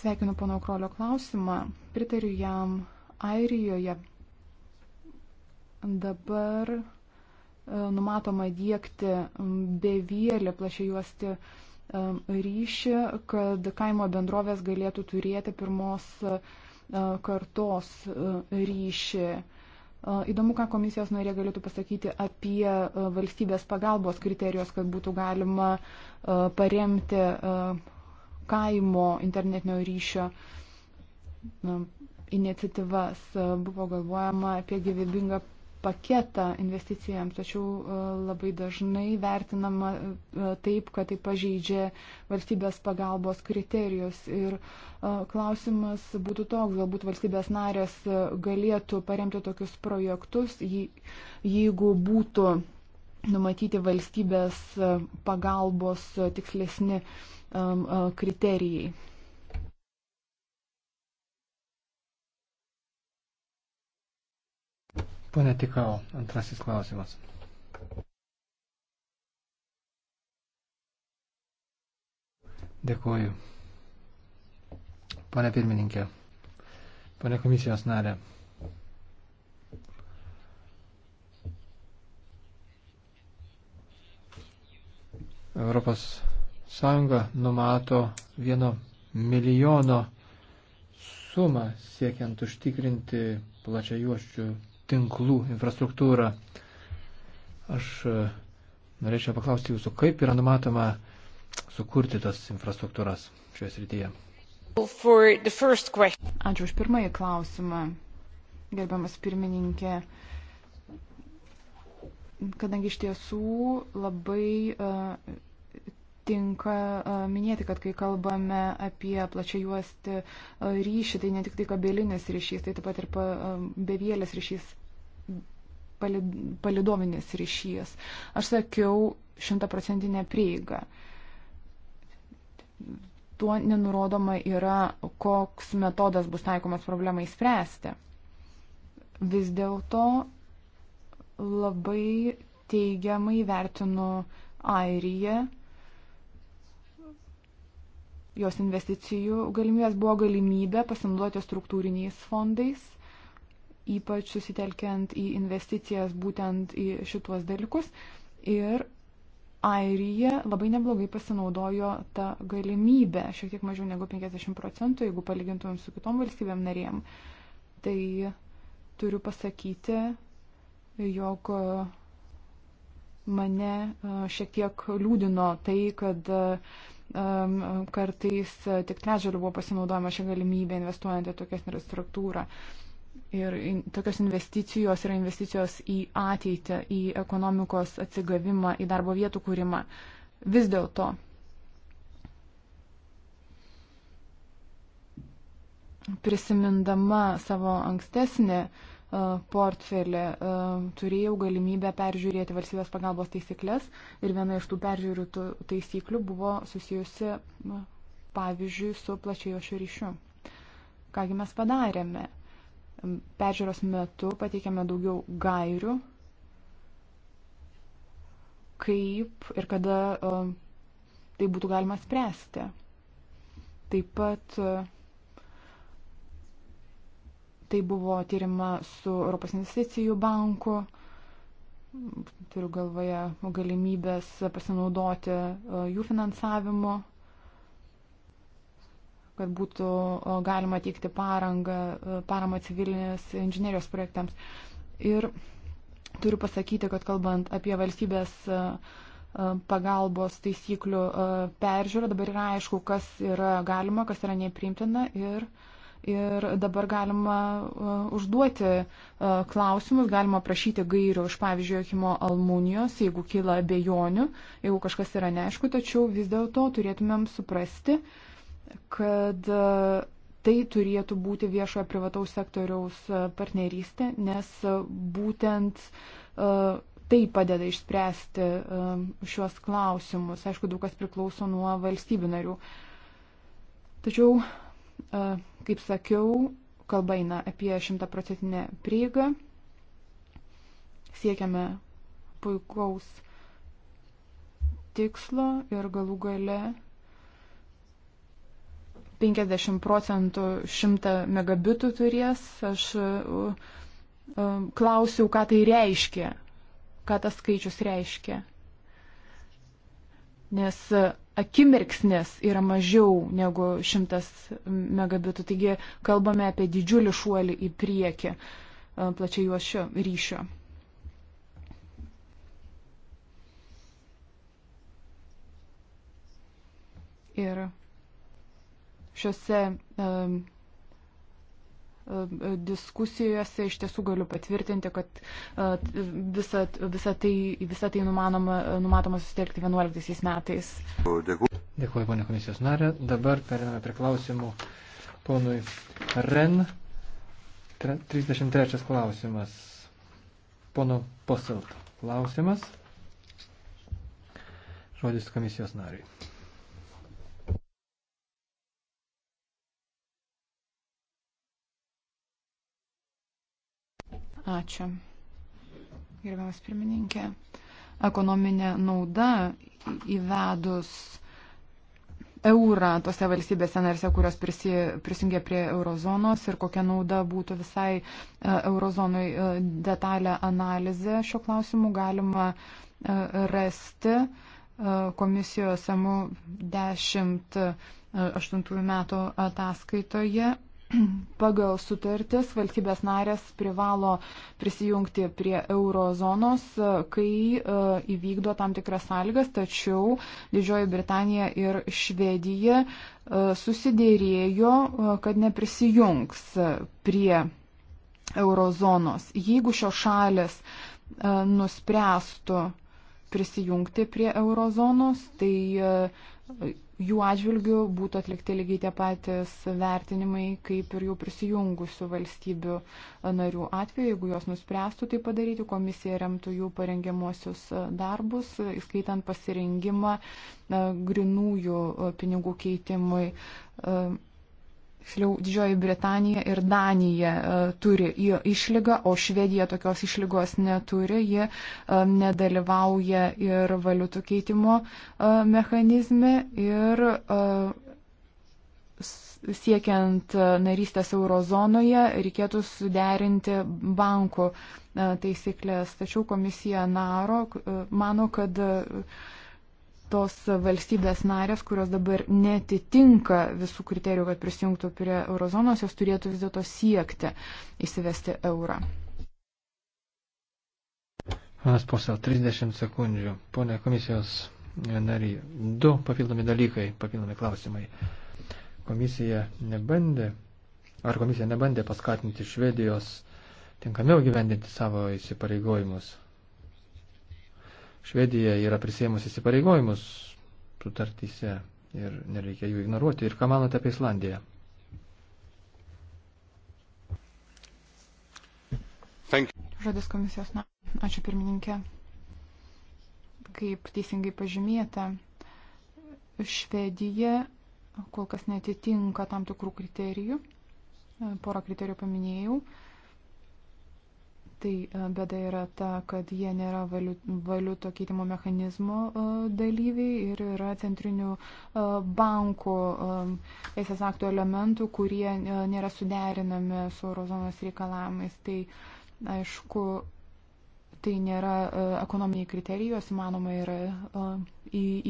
Sveikinu pono Krolio klausimą. Pritariu jam Airijoje. Dabar e, numatoma dėkti bevėlį plašiai juosti ryšį, kad kaimo bendrovės galėtų turėti pirmos uh, E, kartos e, ryšį. E, įdomu, ką komisijos narė galėtų pasakyti apie valstybės pagalbos kriterijos, kad būtų galima paremti kaimo internetinio ryšio iniciatyvas. Buvo galvojama apie gyvybingą paketą investicijams, tačiau e, labai dažnai vertinama e, taip, kad tai pažeidžia valstybės pagalbos kriterijus. Ir e, klausimas būtų toks, galbūt valstybės narės galėtų paremti tokius projektus, jeigu būtų numatyti valstybės pagalbos tikslesni kriterijai. Pone Tikau, antrasis klausimas. Dėkuoju. Pone pirmininkė, pone komisijos narė. Europos Sąjunga numato vieno milijono sumą siekiant užtikrinti plačiajuoščių tinklų infrastruktūrą. Aš e, norėčiau paklausti jūsų, kaip yra numatoma sukurti tas infrastruktūras šioje srityje. Ačiū už pirmąjį klausimą, gerbiamas pirmininkė. Kadangi iš tiesų labai uh, tinka minėti, kad kai kalbame apie plačią juostį ryšį, tai ne tik tai kabelinis ryšys, tai taip pat ir bevėlės ryšys, palidominis ryšys. Aš sakiau šimtaprocentinę prieigą. Tuo nenurodoma yra, koks metodas bus taikomas problemai spręsti. Vis dėlto labai teigiamai vertinu Airiją jos investicijų galimybės buvo galimybė pasinaudoti struktūriniais fondais, ypač susitelkiant į investicijas būtent į šituos dalykus. Ir Airija labai neblogai pasinaudojo tą galimybę, šiek tiek mažiau negu 50 procentų, jeigu palygintumėm su kitom valstybėm narėm. Tai turiu pasakyti, jog mane e, šiek tiek liūdino tai, kad e, kartais e, tik trečdaliu buvo pasinaudojama šią galimybę investuojant į tokias infrastruktūrą. Ir tokios investicijos yra investicijos į ateitį, į ekonomikos atsigavimą, į darbo vietų kūrimą. Vis dėlto. Prisimindama savo ankstesnį uh, E, portfelį e, turėjau galimybę peržiūrėti valstybės pagalbos taisyklės ir viena iš tų peržiūrų taisyklių buvo susijusi, pavyzdžiui, su plačiojo šio ryšiu. Kągi mes padarėme? Peržiūros metu pateikėme daugiau gairių, kaip ir kada e, tai būtų galima spręsti. Taip pat uh, Tai buvo tyrima su Europos investicijų banku. Turiu galvoje galimybės pasinaudoti e, jų finansavimu, kad būtų e, galima teikti parangą, e, paramą civilinės inžinierijos projektams. Ir turiu pasakyti, kad kalbant apie valstybės pagalbos taisyklių peržiūrą, dabar yra aišku, kas yra galima, kas yra nepriimtina ir uh, Ir dabar galima e, užduoti e, klausimus, galima prašyti gairių iš, pavyzdžiui, Jochimo Almunijos, jeigu kyla abejonių, jeigu kažkas yra neaišku, tačiau vis dėlto turėtumėm suprasti, kad e, tai turėtų būti viešojo privataus sektoriaus partnerystė, nes būtent tai padeda išspręsti šios klausimus. Aišku, daug kas priklauso nuo valstybių narių. Tačiau Kaip sakiau, kalba eina apie šimtaprocentinę prieigą. Siekiame puikaus tikslo ir galų gale 50 procentų 100 megabitų turės. Aš e, e, klausiau, ką tai reiškia, ką tas skaičius reiškia. Nes akimirksnis yra mažiau negu 100 megabitų. Taigi kalbame apie didžiulį šuolį į priekį e, plačiai juošio ryšio. Ir šiuose um, diskusijose iš tiesų galiu patvirtinti, kad e, visą tai, visa tai numanoma, numatoma susitelkti 11 metais. Dėkuoju, ponė komisijos narė. Dabar periname prie klausimų ponui Ren. 33 klausimas. Pono Posilt klausimas. Žodis komisijos nariai. Ačiū. Gerbiamas pirmininkė. Ekonominė nauda įvedus eurą tose valstybėse narse, kurios prisi, prisijungia prie eurozonos ir kokia nauda būtų visai e, eurozonui e, detalę analizę šio klausimu galima e, rasti komisijos MU 10 8 metų ataskaitoje Pagal sutartis valstybės narės privalo prisijungti prie eurozonos, e, kai e, įvykdo tam tikras sąlygas, tačiau Didžioji Britanija ir Švedija e, susidėrėjo, kad neprisijungs prie eurozonos. Jeigu šios šalis nuspręstų prisijungti prie eurozonos, tai jų atžvilgių būtų atlikti lygiai tie patys vertinimai, kaip ir jų prisijungusių valstybių narių atveju. Jeigu jos nuspręstų tai padaryti, komisija remtų jų parengiamuosius darbus, įskaitant pasirengimą e, grinųjų e, pinigų keitimui e, tiksliau Didžioji Britanija ir Danija e, turi išlygą, o Švedija tokios išlygos neturi, jie nedalyvauja ir valiutų keitimo e, mechanizme ir e, siekiant narystės eurozonoje reikėtų suderinti bankų taisyklės. Tačiau komisija naro, mano, kad tos valstybės narės, kurios dabar netitinka visų kriterijų, kad prisijungtų prie eurozonos, jos turėtų vis dėlto siekti įsivesti eurą. Panas Posel, 30 sekundžių. Pone komisijos nariai, du papildomi dalykai, papildomi klausimai. Komisija nebandė, ar komisija nebandė paskatinti Švedijos tinkamiau gyvendinti savo įsipareigojimus? Švedija yra prisėmusi įsipareigojimus sutartyse ir nereikia jų ignoruoti. Ir ką manote apie Islandiją? Žodis komisijos, na, ačiū pirmininkė. Kaip teisingai pažymėta, Švedija kol kas netitinka tam tikrų kriterijų. Porą kriterijų paminėjau. Uh, Tai e, bėda yra ta, kad jie nėra valiuto keitimo mechanizmo e, dalyviai ir yra centrinių e, bankų teisės aktų elementų, kurie nėra suderinami su eurozonos reikalavimais. Tai aišku, tai nėra ekonominiai kriterijos, įmanoma yra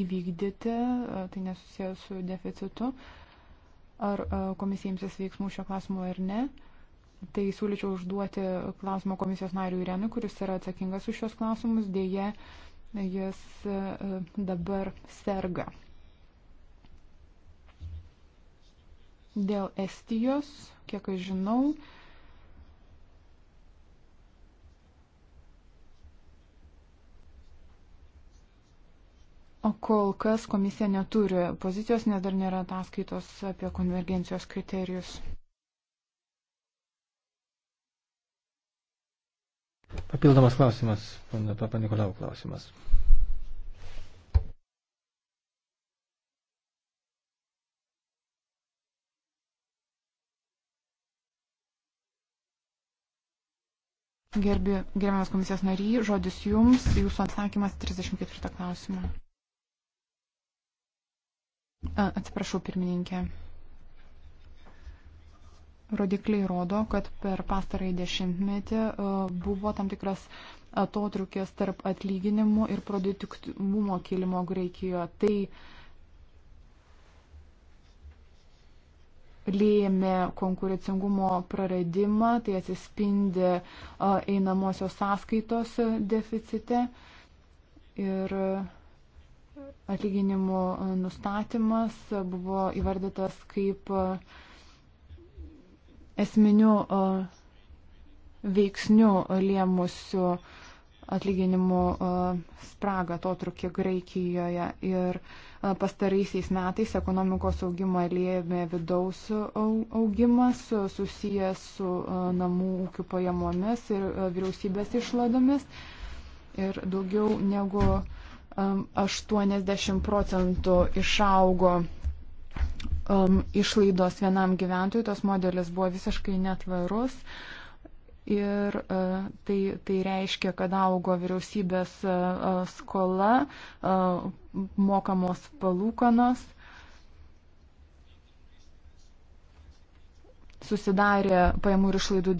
įvykdyti, tai nesusijęs su deficitu. Ar komisija imsis veiksmų šio klausimo ar ne? tai siūlyčiau užduoti klausimą komisijos nariui Irenui, kuris yra atsakingas už šios klausimus. Dėje jis e, dabar serga. Dėl Estijos, kiek aš žinau, O kol kas komisija neturi pozicijos, nes dar nėra ataskaitos apie konvergencijos kriterijus. Papildomas klausimas, papa Nikolau klausimas. Gerbi, gerbiamas komisijos nary, žodis jums, jūsų atsakymas 34 klausimą. Atsiprašau, pirmininkė rodikliai rodo, kad per pastarąjį dešimtmetį e, buvo tam tikras atotrukis tarp atlyginimų ir produktivumo kilimo Graikijoje. Tai lėmė konkurencingumo praradimą, tai atsispindi e, einamosios sąskaitos deficite ir atlyginimų e, nustatymas buvo įvardytas kaip uh, esminių veiksnių lėmusių atlyginimų spragą atotrukį Graikijoje ir pastaraisiais metais ekonomikos augimą lėmė vidaus augimas susijęs su namų ūkių pajamomis ir vyriausybės išladomis ir daugiau negu 80 procentų išaugo um, išlaidos vienam gyventojui, tos modelis buvo visiškai netvarus. Ir uh, tai, tai reiškia, kad augo vyriausybės uh, uh skola, uh, mokamos palūkanos, susidarė pajamų ir išlaidų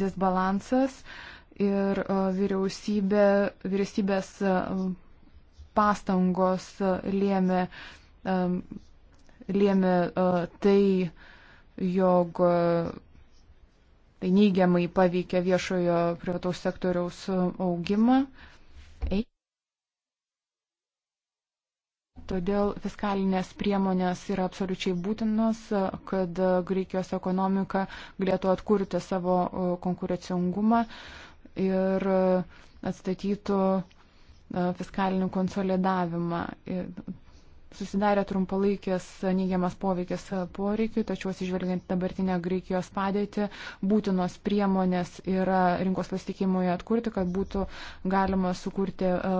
disbalansas ir uh, vyriausybė, vyriausybės uh, pastangos lėmė um, lėmė e, tai, jog e, tai neigiamai paveikia viešojo privataus sektoriaus augimą. Todėl fiskalinės priemonės yra absoliučiai būtinos, kad Graikijos ekonomika galėtų atkurti savo e, konkurencingumą ir atstatytų fiskalinį konsolidavimą susidarė trumpalaikės neigiamas poveikis poreikiu, tačiau atsižvelgiant dabartinę Graikijos padėtį, būtinos priemonės yra rinkos pasitikimui atkurti, kad būtų galima sukurti e,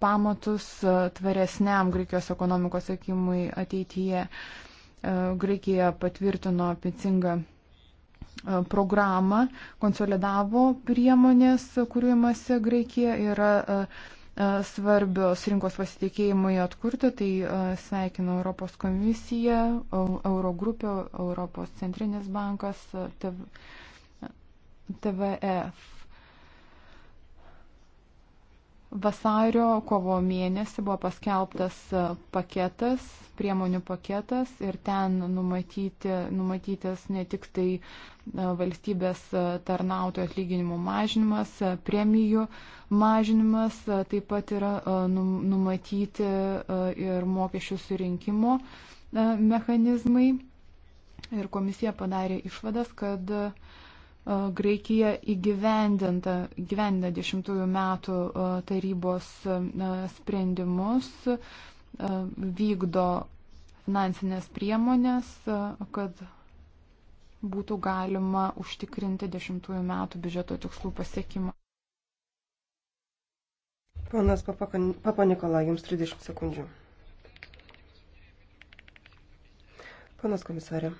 pamatus e, tvaresniam Graikijos ekonomikos akimui ateityje. E, Graikija patvirtino apicingą programą, konsolidavo priemonės, kuriuomasi Graikija yra uh, E, svarbios rinkos pasitikėjimui atkurti, tai e, sveikinu Europos komisiją, e, Eurogrupio, Europos centrinis bankas, TVF. Vasario kovo mėnesį buvo paskelbtas e, paketas, priemonių paketas ir ten numatyti, numatytas ne tik tai e, valstybės e, tarnautojų atlyginimų mažinimas, premijų mažinimas, taip pat yra numatyti ir mokesčių surinkimo mechanizmai. Ir komisija padarė išvadas, kad Graikija įgyvendina dešimtųjų metų tarybos sprendimus, vykdo finansinės priemonės, kad būtų galima užtikrinti dešimtųjų metų biudžeto tikslų pasiekimą. Ponas Papa Nikola, jums 30 sekundžių. Ponas komisarė,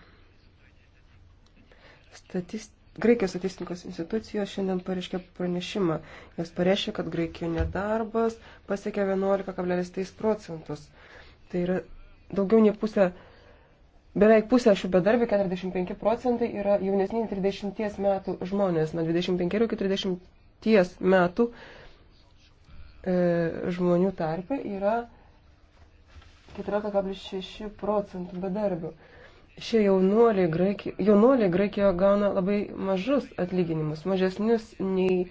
statist, Graikijos statistikos institucijos šiandien pareiškė pranešimą. Jos pareiškė, kad Graikijoje nedarbas pasiekė 11,3 procentus. Tai yra daugiau nei pusė, beveik pusė šių bedarbių, 45 procentai yra jaunesni 30 metų žmonės. Nuo 25 iki 30 metų e, žmonių tarpe yra 14,6 procentų bedarbių šie jaunuoliai, Graiki, jaunuoliai Graikijoje gauna labai mažus atlyginimus, mažesnius nei e,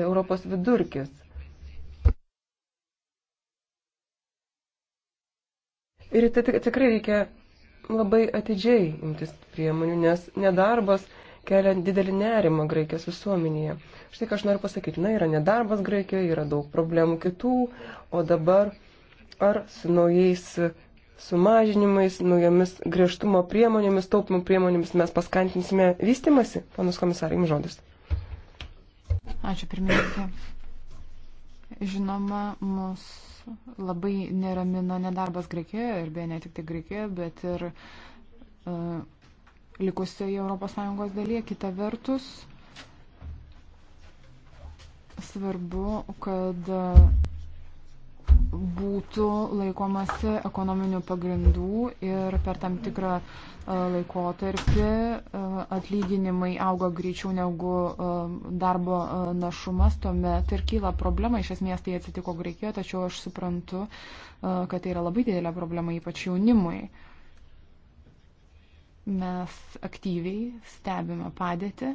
Europos vidurkis. Ir tai tikrai reikia labai atidžiai imtis priemonių, nes nedarbas kelia didelį nerimą Graikijos visuomenėje. Štai ką aš noriu pasakyti. Na, yra nedarbas Graikijoje, yra daug problemų kitų, o dabar ar su naujais sumažinimais, naujomis griežtumo priemonėmis, taupimo priemonėmis mes paskantinsime vystimasi? Panas komisarai, jums žodis. Ačiū pirmininkė. Žinoma, mus labai neramino nedarbas Greikijoje ir beje ne tik tai Greikijoje, bet ir uh, likusioje ES dalyje. Kita vertus, svarbu, kad būtų laikomasi ekonominių pagrindų ir per tam tikrą e, laikotarpį e, atlyginimai auga greičiau negu e, darbo našumas, tuomet ir kyla problema. Iš esmės tai atsitiko Graikijoje, tačiau aš suprantu, kad tai yra labai didelė problema, ypač jaunimui. Mes aktyviai stebime padėtį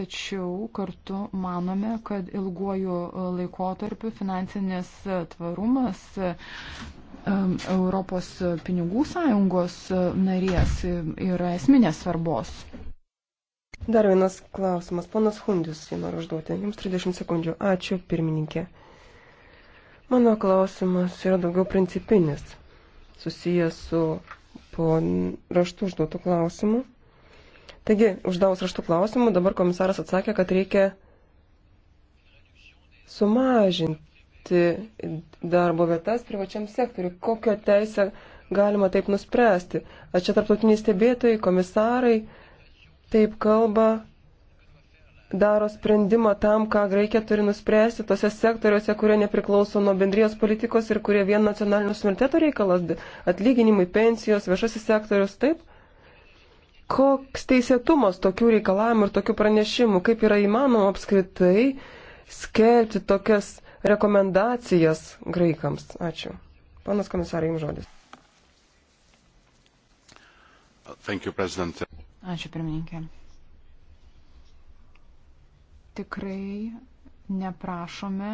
tačiau kartu manome, kad ilguoju laikotarpiu finansinis tvarumas Europos pinigų sąjungos narės yra esminės svarbos. Dar vienas klausimas. Ponas Hundis, jį noriu užduoti. Jums 30 sekundžių. Ačiū, pirmininkė. Mano klausimas yra daugiau principinis, susijęs su po raštų užduotų klausimų. Taigi, uždavus raštų klausimų, dabar komisaras atsakė, kad reikia sumažinti darbo vietas privačiam sektoriu. Kokią teisę galima taip nuspręsti? Ar čia tarptautiniai stebėtojai, komisarai taip kalba, daro sprendimą tam, ką Graikija turi nuspręsti tose sektoriuose, kurie nepriklauso nuo bendrijos politikos ir kurie vien nacionalinio sumirteto reikalas, atlyginimai, pensijos, viešasis sektorius, taip? koks teisėtumas tokių reikalavimų ir tokių pranešimų, kaip yra įmanoma apskritai skelbti tokias rekomendacijas graikams. Ačiū. Panas komisarai, jums žodis. You, Ačiū, pirmininkė. Tikrai neprašome,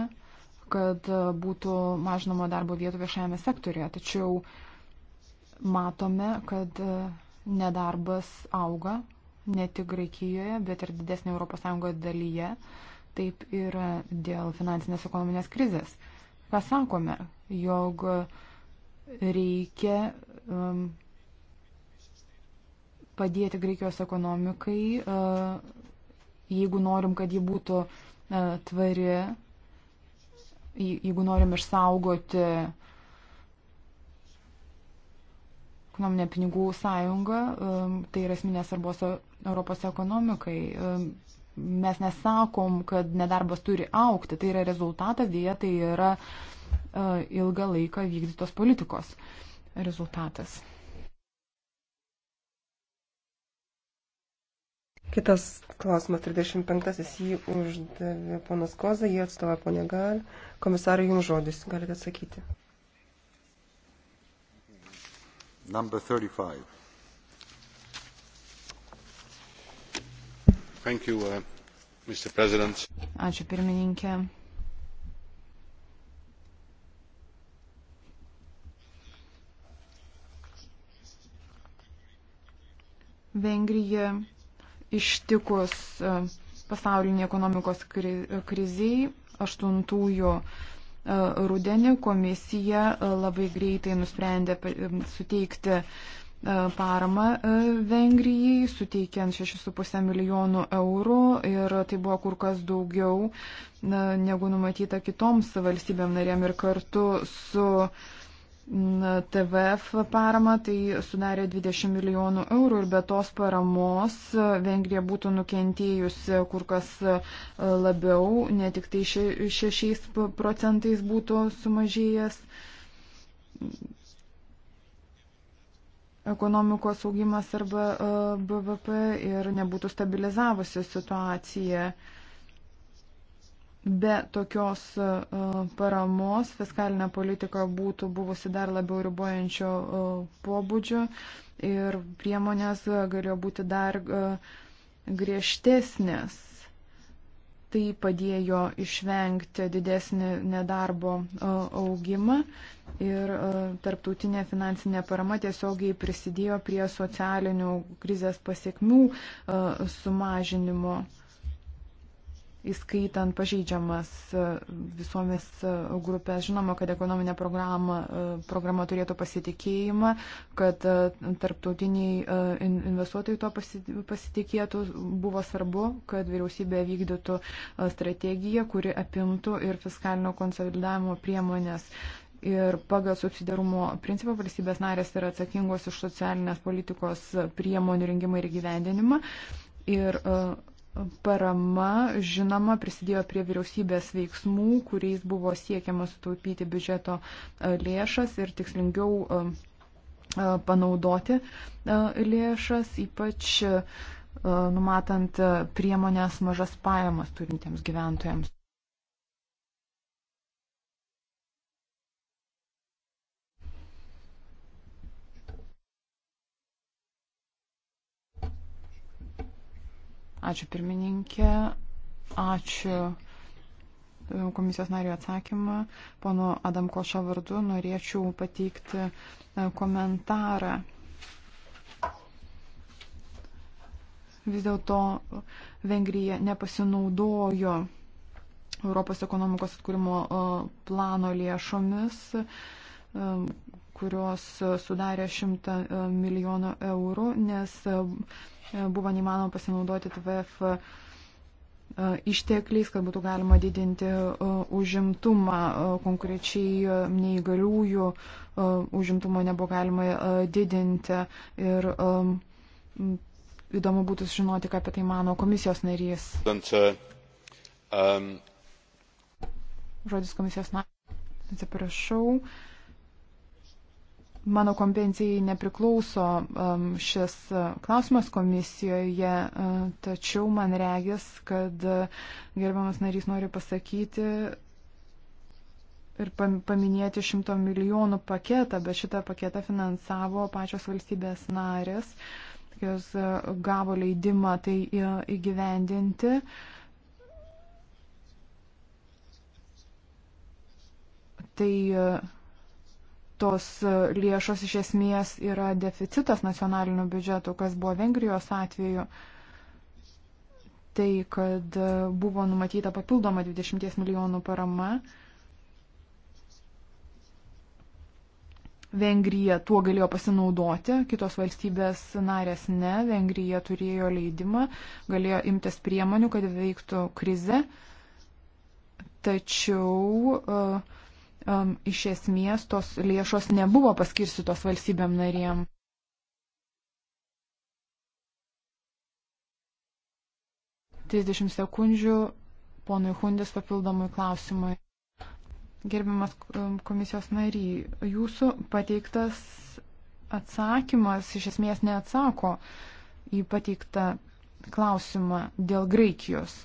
kad būtų mažinama darbo vietų viešajame sektorėje, tačiau matome, kad Nedarbas auga ne tik Graikijoje, bet ir didesnė ES dalyje. Taip ir dėl finansinės ekonominės krizės. Ką sakome, jog reikia um, padėti Graikijos ekonomikai, uh, jeigu norim, kad ji būtų uh, tvari, jeigu norim išsaugoti uh, ekonominė pinigų sąjunga, um, tai yra esminės svarbos e, Europos ekonomikai. Um, mes nesakom, kad nedarbas turi aukti, tai yra rezultatas, dėja tai yra e, ilgą laiką vykdytos politikos rezultatas. Kitas klausimas, 35-asis jį uždavė ponas Koza, jį atstovė ponė Gal. Komisarai, jums žodis, galite atsakyti number 35. Thank you, uh, Mr. President. Ačiū pirmininkė. Vengrija ištikus uh, pasaulinį ekonomikos kriziai aštuntųjų rudenį komisija e, labai greitai nusprendė e, suteikti e, paramą Vengrijai, suteikiant 6,5 milijonų eurų ir tai buvo kur kas daugiau negu numatyta kitoms valstybėm narėm ir kartu su uh, TVF paramą, tai sudarė 20 milijonų eurų ir be tos paramos Vengrija būtų nukentėjusi kur kas e, labiau, ne tik tai 6 procentais būtų sumažėjęs ekonomikos augimas arba e, BVP ir nebūtų stabilizavusi situacija. Uh, be tokios e, paramos fiskalinė politika būtų buvusi dar labiau ribojančio e, pobūdžio ir priemonės galėjo būti dar e, griežtesnės. Tai padėjo išvengti didesnį nedarbo augimą ir tarptautinė finansinė parama tiesiogiai prisidėjo prie socialinių krizės pasiekmių sumažinimo įskaitant pažeidžiamas e, visomis e, grupės. Žinoma, kad ekonominė programa, e, programa turėtų pasitikėjimą, kad tarptautiniai investuotojai to pasitikėtų. Buvo svarbu, kad vyriausybė vykdytų strategiją, kuri apimtų ir fiskalinio konsolidavimo priemonės. Ir pagal subsidarumo principą valstybės narės yra atsakingos už socialinės politikos priemonių rengimą ir gyvendinimą. Ir uh, Parama, žinoma, prisidėjo prie vyriausybės veiksmų, kuriais buvo siekiama sutaupyti biudžeto e, lėšas ir tikslingiau e, e, panaudoti lėšas, ypač numatant priemonės mažas pajamas turintiems gyventojams. Ačiū pirmininkė, ačiū e, komisijos nario atsakymą. Pono Adamkošo vardu norėčiau pateikti e, komentarą. Vis dėlto Vengrija nepasinaudojo Europos ekonomikos atkūrimo e, plano lėšomis, kurios e, sudarė 100 e, milijonų eurų, nes e, buvo neįmanoma pasinaudoti TVF ištekliais, kad būtų galima didinti užimtumą konkrečiai neįgaliųjų, užimtumo nebuvo galima didinti. Ir, Įdomu būtų žinoti, ką apie tai mano komisijos narys. Ehm, Žodis komisijos narys. Atsiprašau. Uh, Mano kompetencijai nepriklauso um, šis uh, klausimas komisijoje, uh, tačiau man regis, kad uh, gerbiamas narys nori pasakyti ir paminėti šimto milijonų paketą, bet šitą paketą finansavo pačios valstybės narės, jos gavo leidimą tai įgyvendinti. Tai tos lėšos iš esmės yra deficitas nacionalinių biudžetų, kas buvo Vengrijos atveju. Tai, kad buvo numatyta papildoma 20 milijonų parama. Vengrija tuo galėjo pasinaudoti, kitos valstybės narės ne, Vengrija turėjo leidimą, galėjo imtis priemonių, kad veiktų krize, tačiau uh, um, iš esmės tos lėšos nebuvo paskirstytos valstybėm narėm. Trisdešimt sekundžių ponui Hundis papildomui klausimui. Gerbiamas komisijos nary, jūsų pateiktas atsakymas iš esmės neatsako į pateiktą klausimą dėl Graikijos.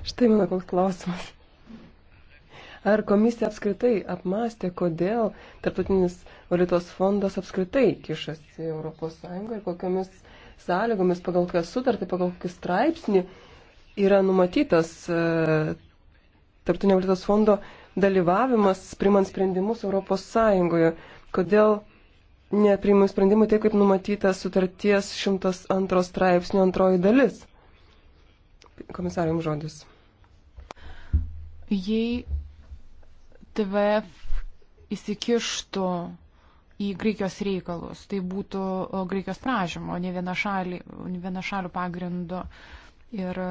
Štai mano koks klausimas. Ar komisija apskritai apmastė, kodėl Tartutinis valiutos fondas apskritai kišasi Europos Sąjungą ir kokiamis sąlygomis, pagal kokią sutartį, pagal kokį straipsnį yra numatytas e, Tartutinio valiutos fondo dalyvavimas, primant sprendimus Europos Sąjungoje. Kodėl nepriimami sprendimai taip, kaip numatyta sutarties 102 straipsnio antroji dalis? Komisarai, jums žodis. Jei TVF įsikištų į Graikijos reikalus, tai būtų Graikijos prašymo, ne viena, šalį, ne viena šalių pagrindu. Ir e,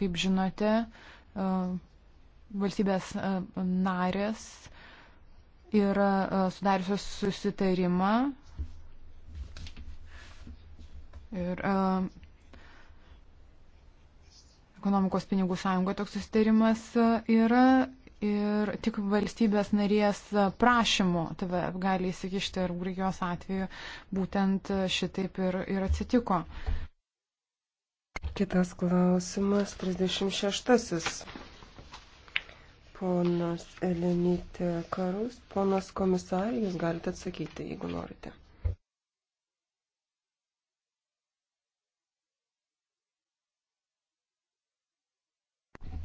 kaip žinote, e, valstybės e, narės yra sudariusios susitarimą ir ekonomikos pinigų sąjungoje toks susitarimas e, yra ir tik valstybės narės e, prašymu tave gali įsikišti ir Grigijos atveju būtent e, šitaip ir, ir atsitiko. Kitas klausimas, 36. Ponas Elenitė Karus, ponas komisarė, jūs galite atsakyti, jeigu norite.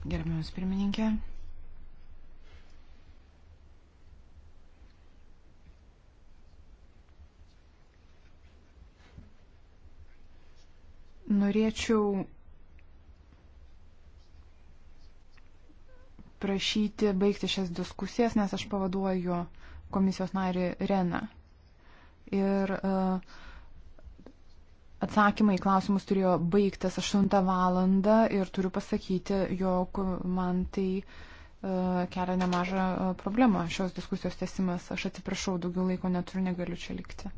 gerbiamas pirmininkė. Norėčiau prašyti baigti šias diskusijas, nes aš pavaduoju komisijos narį Reną. Ir uh, Atsakymai į klausimus turėjo baigtas 8 valandą ir turiu pasakyti, jog man tai e, kelia nemažą e, problemą šios diskusijos tesimas. Aš atsiprašau, daugiau laiko neturiu, negaliu čia likti.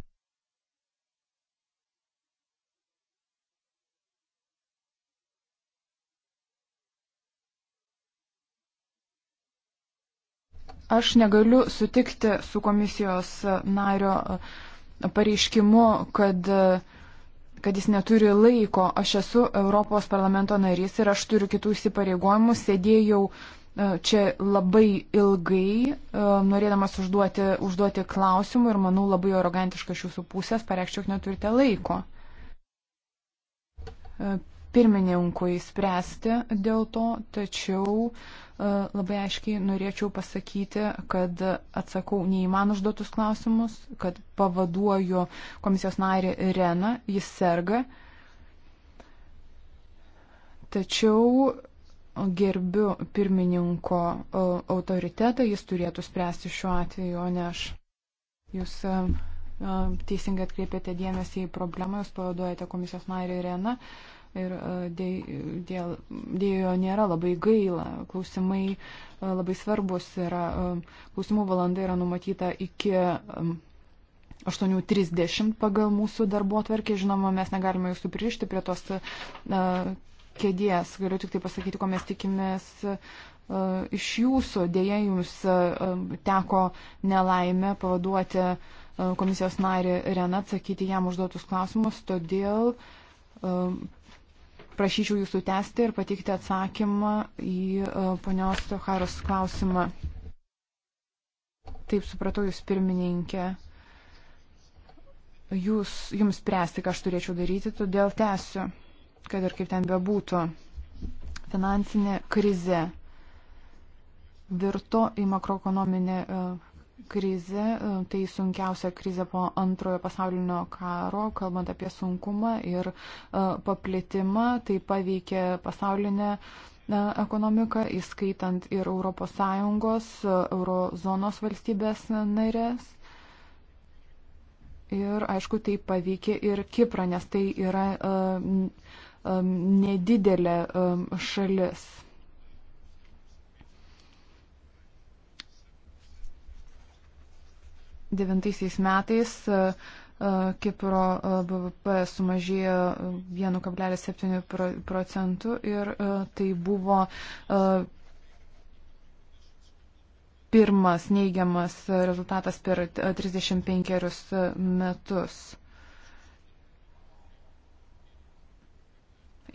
Aš negaliu sutikti su komisijos nario e, pareiškimu, kad uh, kad jis neturi laiko. Aš esu Europos parlamento narys ir aš turiu kitų įsipareigojimų. Sėdėjau e, čia labai ilgai, e, norėdamas užduoti, užduoti klausimų ir manau labai arogantiška iš jūsų pusės pareikščiau, kad neturite laiko e, pirmininkui spręsti dėl to, tačiau uh, E, labai aiškiai norėčiau pasakyti, kad atsakau ne į man užduotus klausimus, kad pavaduoju komisijos narį Reną, jis serga. Tačiau gerbiu pirmininko e, autoritetą, jis turėtų spręsti šiuo atveju, o ne aš. Jūs e, teisingai atkreipėte dėmesį į problemą, jūs pavaduojate komisijos narį Reną. Uh, ir e, dėl, dėl jo nėra labai gaila. Klausimai e, labai svarbus yra. E, klausimų valanda yra numatyta iki 8.30 pagal mūsų darbo atverkį. Žinoma, mes negalime jų supririšti prie tos kėdės. Galiu tik tai pasakyti, ko mes tikimės iš jūsų. Dėja, jums teko nelaimę pavaduoti komisijos narį Reną, atsakyti jam užduotus klausimus, todėl prašyčiau jūsų tęsti ir pateikti atsakymą į e, ponios Toharos klausimą. Taip supratau jūs pirmininkė. Jūs, jums spręsti, ką aš turėčiau daryti, todėl tęsiu, kad ir kaip ten bebūtų. Finansinė krize virto į makroekonominę e, krizė, e, tai sunkiausia krizė po antrojo pasaulinio karo, kalbant apie sunkumą ir e, paplitimą, tai paveikė pasaulinę e, ekonomiką, įskaitant ir ES, eurozonos valstybės narės. Ir, aišku, tai paveikė ir Kiprą, nes tai yra um, um, nedidelė um, šalis. 2009 metais e, e, Kipro e, BVP sumažėjo 1,7 procentų ir tai buvo pirmas neigiamas rezultatas per 35 metus.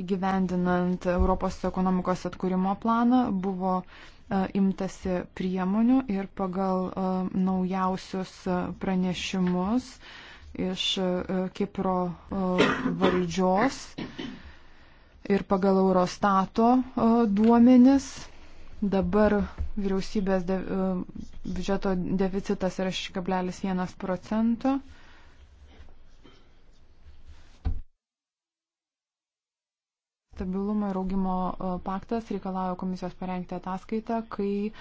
Įgyvendinant Europos ekonomikos atkūrimo planą buvo uh, E, imtasi priemonių ir pagal e, naujausius e, pranešimus iš Kipro valdžios ir pagal Eurostato duomenis dabar vyriausybės biudžeto deficitas yra 6,1 procento. stabilumo ir augimo e, paktas reikalauja komisijos parengti ataskaitą, kai e,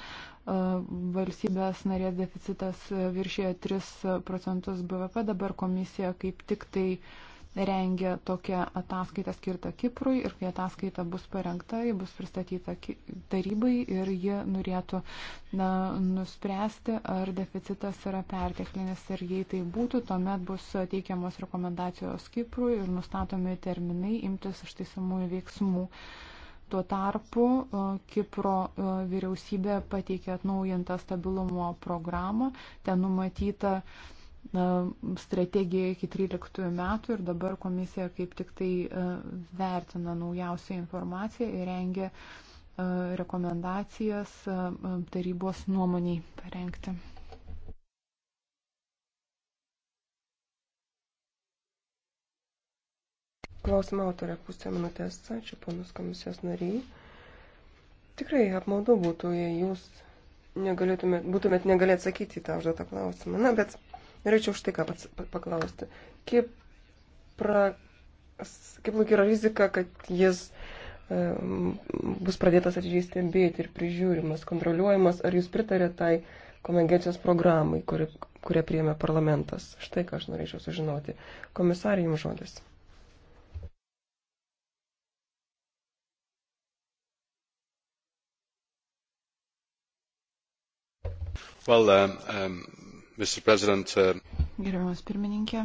valstybės narės deficitas e, viršėjo 3 procentus BVP, dabar komisija kaip tik tai uh, rengia tokią ataskaitą skirtą Kiprui ir kai ataskaita bus parengta, ji bus pristatyta tarybai ir ji norėtų na, nuspręsti, ar deficitas yra perteklinis ir jei tai būtų, tuomet bus teikiamos rekomendacijos Kiprui ir nustatomi terminai imtis ištaisamųjų veiksmų. Tuo tarpu Kipro vyriausybė pateikė atnaujintą stabilumo programą, ten numatyta uh, strategiją iki 13 metų ir dabar komisija kaip tik tai e, vertina naujausią informaciją ir rengia e, rekomendacijas e, tarybos nuomoniai parengti. Klausimo autorė pusę minutės, ačiū ponus komisijos nariai. Tikrai apmaudu būtų, jei jūs negalėtumėt, būtumėt negalėt atsakyti į tą užduotą klausimą. Na, bet Norėčiau štai ką pats paklausti. Kipras, kaip lauk yra rizika, kad jis um, bus pradėtas atidžiai stebėti ir prižiūrimas, kontroliuojamas, ar jūs pritarė tai konvencijos programai, kuri, kurią priėmė parlamentas? Štai ką aš norėčiau sužinoti. Komisarė, jums žodis. Well, um, um, Uh, Gerbiamas pirmininkė,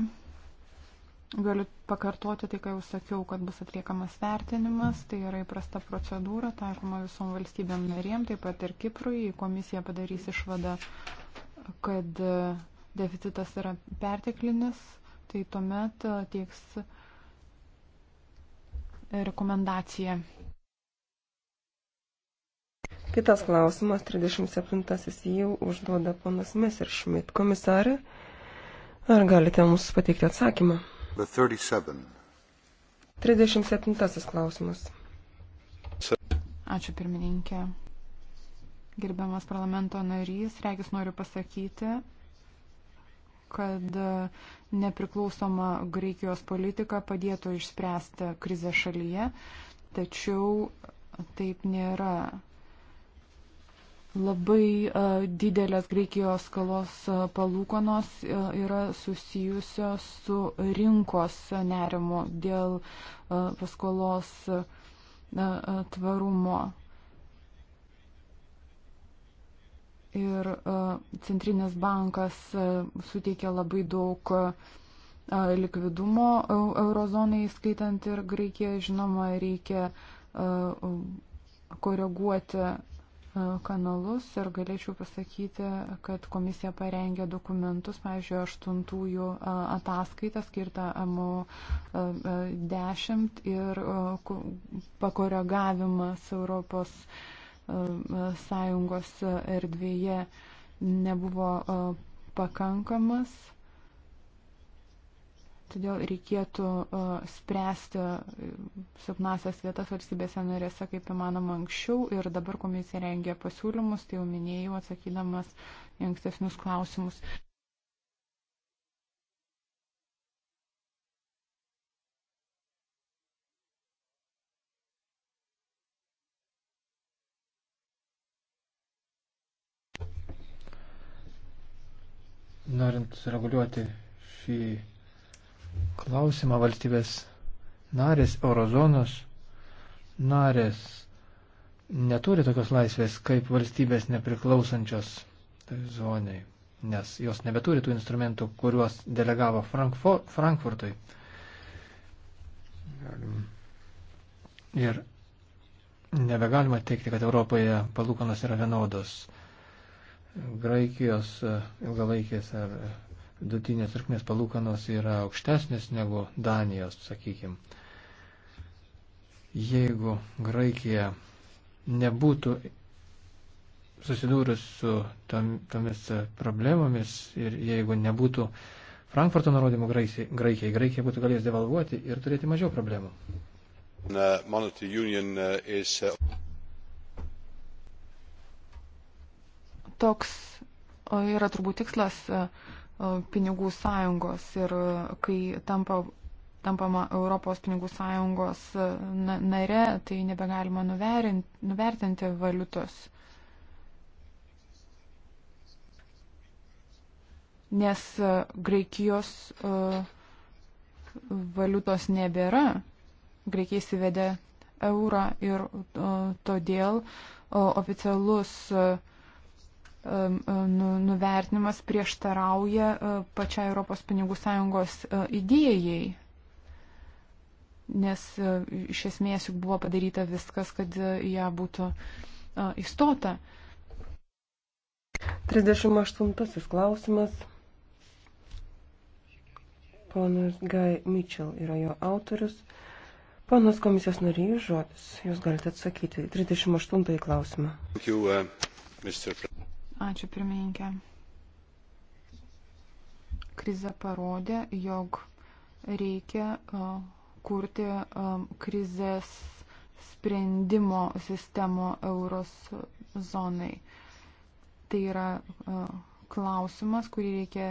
galiu pakartoti tai, ką jau sakiau, kad bus atliekamas vertinimas, tai yra įprasta procedūra, taikoma visom valstybėm narėm, taip pat ir Kiprui, komisija padarys išvadą, kad uh, deficitas yra perteklinis, tai tuomet uh, teiks rekomendaciją Kitas klausimas, 37-asis jau užduoda ponas Messerschmidt. Komisarė, ar galite mums pateikti atsakymą? 37. 37 klausimas. Ačiū pirmininkė. Gerbiamas parlamento narys, regis noriu pasakyti, kad nepriklausoma Graikijos politika padėtų išspręsti krizę šalyje, tačiau taip nėra. Labai e, didelės Graikijos skolos e, palūkonos e, yra susijusios su rinkos nerimu dėl paskolos tvarumo. ir centrinis bankas suteikia labai daug likvidumo eurozonai, skaitant ir Graikiją, žinoma, reikia koreguoti E, kanalus ir galėčiau pasakyti, kad komisija parengė dokumentus, pavyzdžiui, aštuntųjų e, ataskaitą skirtą MO10 e, ir pakoregavimas Europos Sąjungos erdvėje nebuvo pakankamas Todėl reikėtų e, spręsti e, silpnasias vietas valstybėse narėse kaip įmanoma anksčiau ir dabar komisija rengia pasiūlymus, tai jau minėjau atsakydamas į ankstesnius klausimus. Norint reguliuoti šį klausimą valstybės narės, eurozonos narės neturi tokios laisvės kaip valstybės nepriklausančios tai zonai, nes jos nebeturi tų instrumentų, kuriuos delegavo Frankfo, Frankfurtui. Ir nebegalima teikti, kad Europoje palūkanos yra vienodos. Graikijos e, ilgalaikės ar vidutinės trukmės palūkanos yra aukštesnės negu Danijos, sakykime. Jeigu Graikija nebūtų susidūrus su tom, tomis problemomis ir jeigu nebūtų Frankfurto nurodymų Graikijai, Graikija būtų galėjęs devalvuoti ir turėti mažiau problemų. Uh, uh, Toks yra turbūt tikslas uh, E, pinigų sąjungos ir e, kai tampa, tampama Europos pinigų sąjungos e, nare, tai nebegalima nuvertinti valiutos. Nes Graikijos valiutos nebėra. Graikiai įsivedė eurą ir todėl oficialus uh, Um, um, nu, nuvertinimas prieštarauja uh, pačiai Europos pinigų sąjungos uh, idėjai. Nes uh, iš esmės juk buvo padaryta viskas, kad ją būtų įstota. 38 klausimas. Ponas Guy Mitchell yra jo autorius. Ponas komisijos narys žodis. Jūs galite atsakyti 38 klausimą. Thank you, uh, Ačiū pirmininkė. Krize parodė, jog reikia kurti krizės sprendimo sistemo euros zonai. Tai yra klausimas, kurį reikia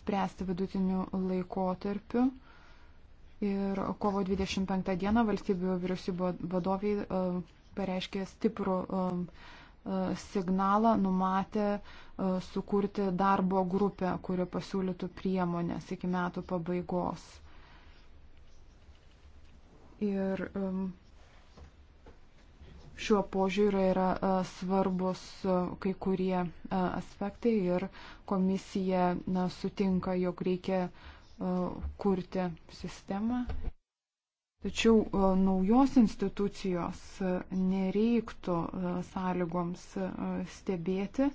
spręsti vidutiniu laikotarpiu. Ir kovo 25 dieną valstybių vyriausybių vadoviai pareiškė stiprų signalą numatė e, sukurti darbo grupę, kuri pasiūlytų priemonės iki metų pabaigos. Ir šiuo požiūriu yra e, svarbus e, kai kurie aspektai ir komisija na, sutinka, jog reikia kurti sistemą. Tačiau e, naujos institucijos e, nereiktų e, sąlygoms stebėti,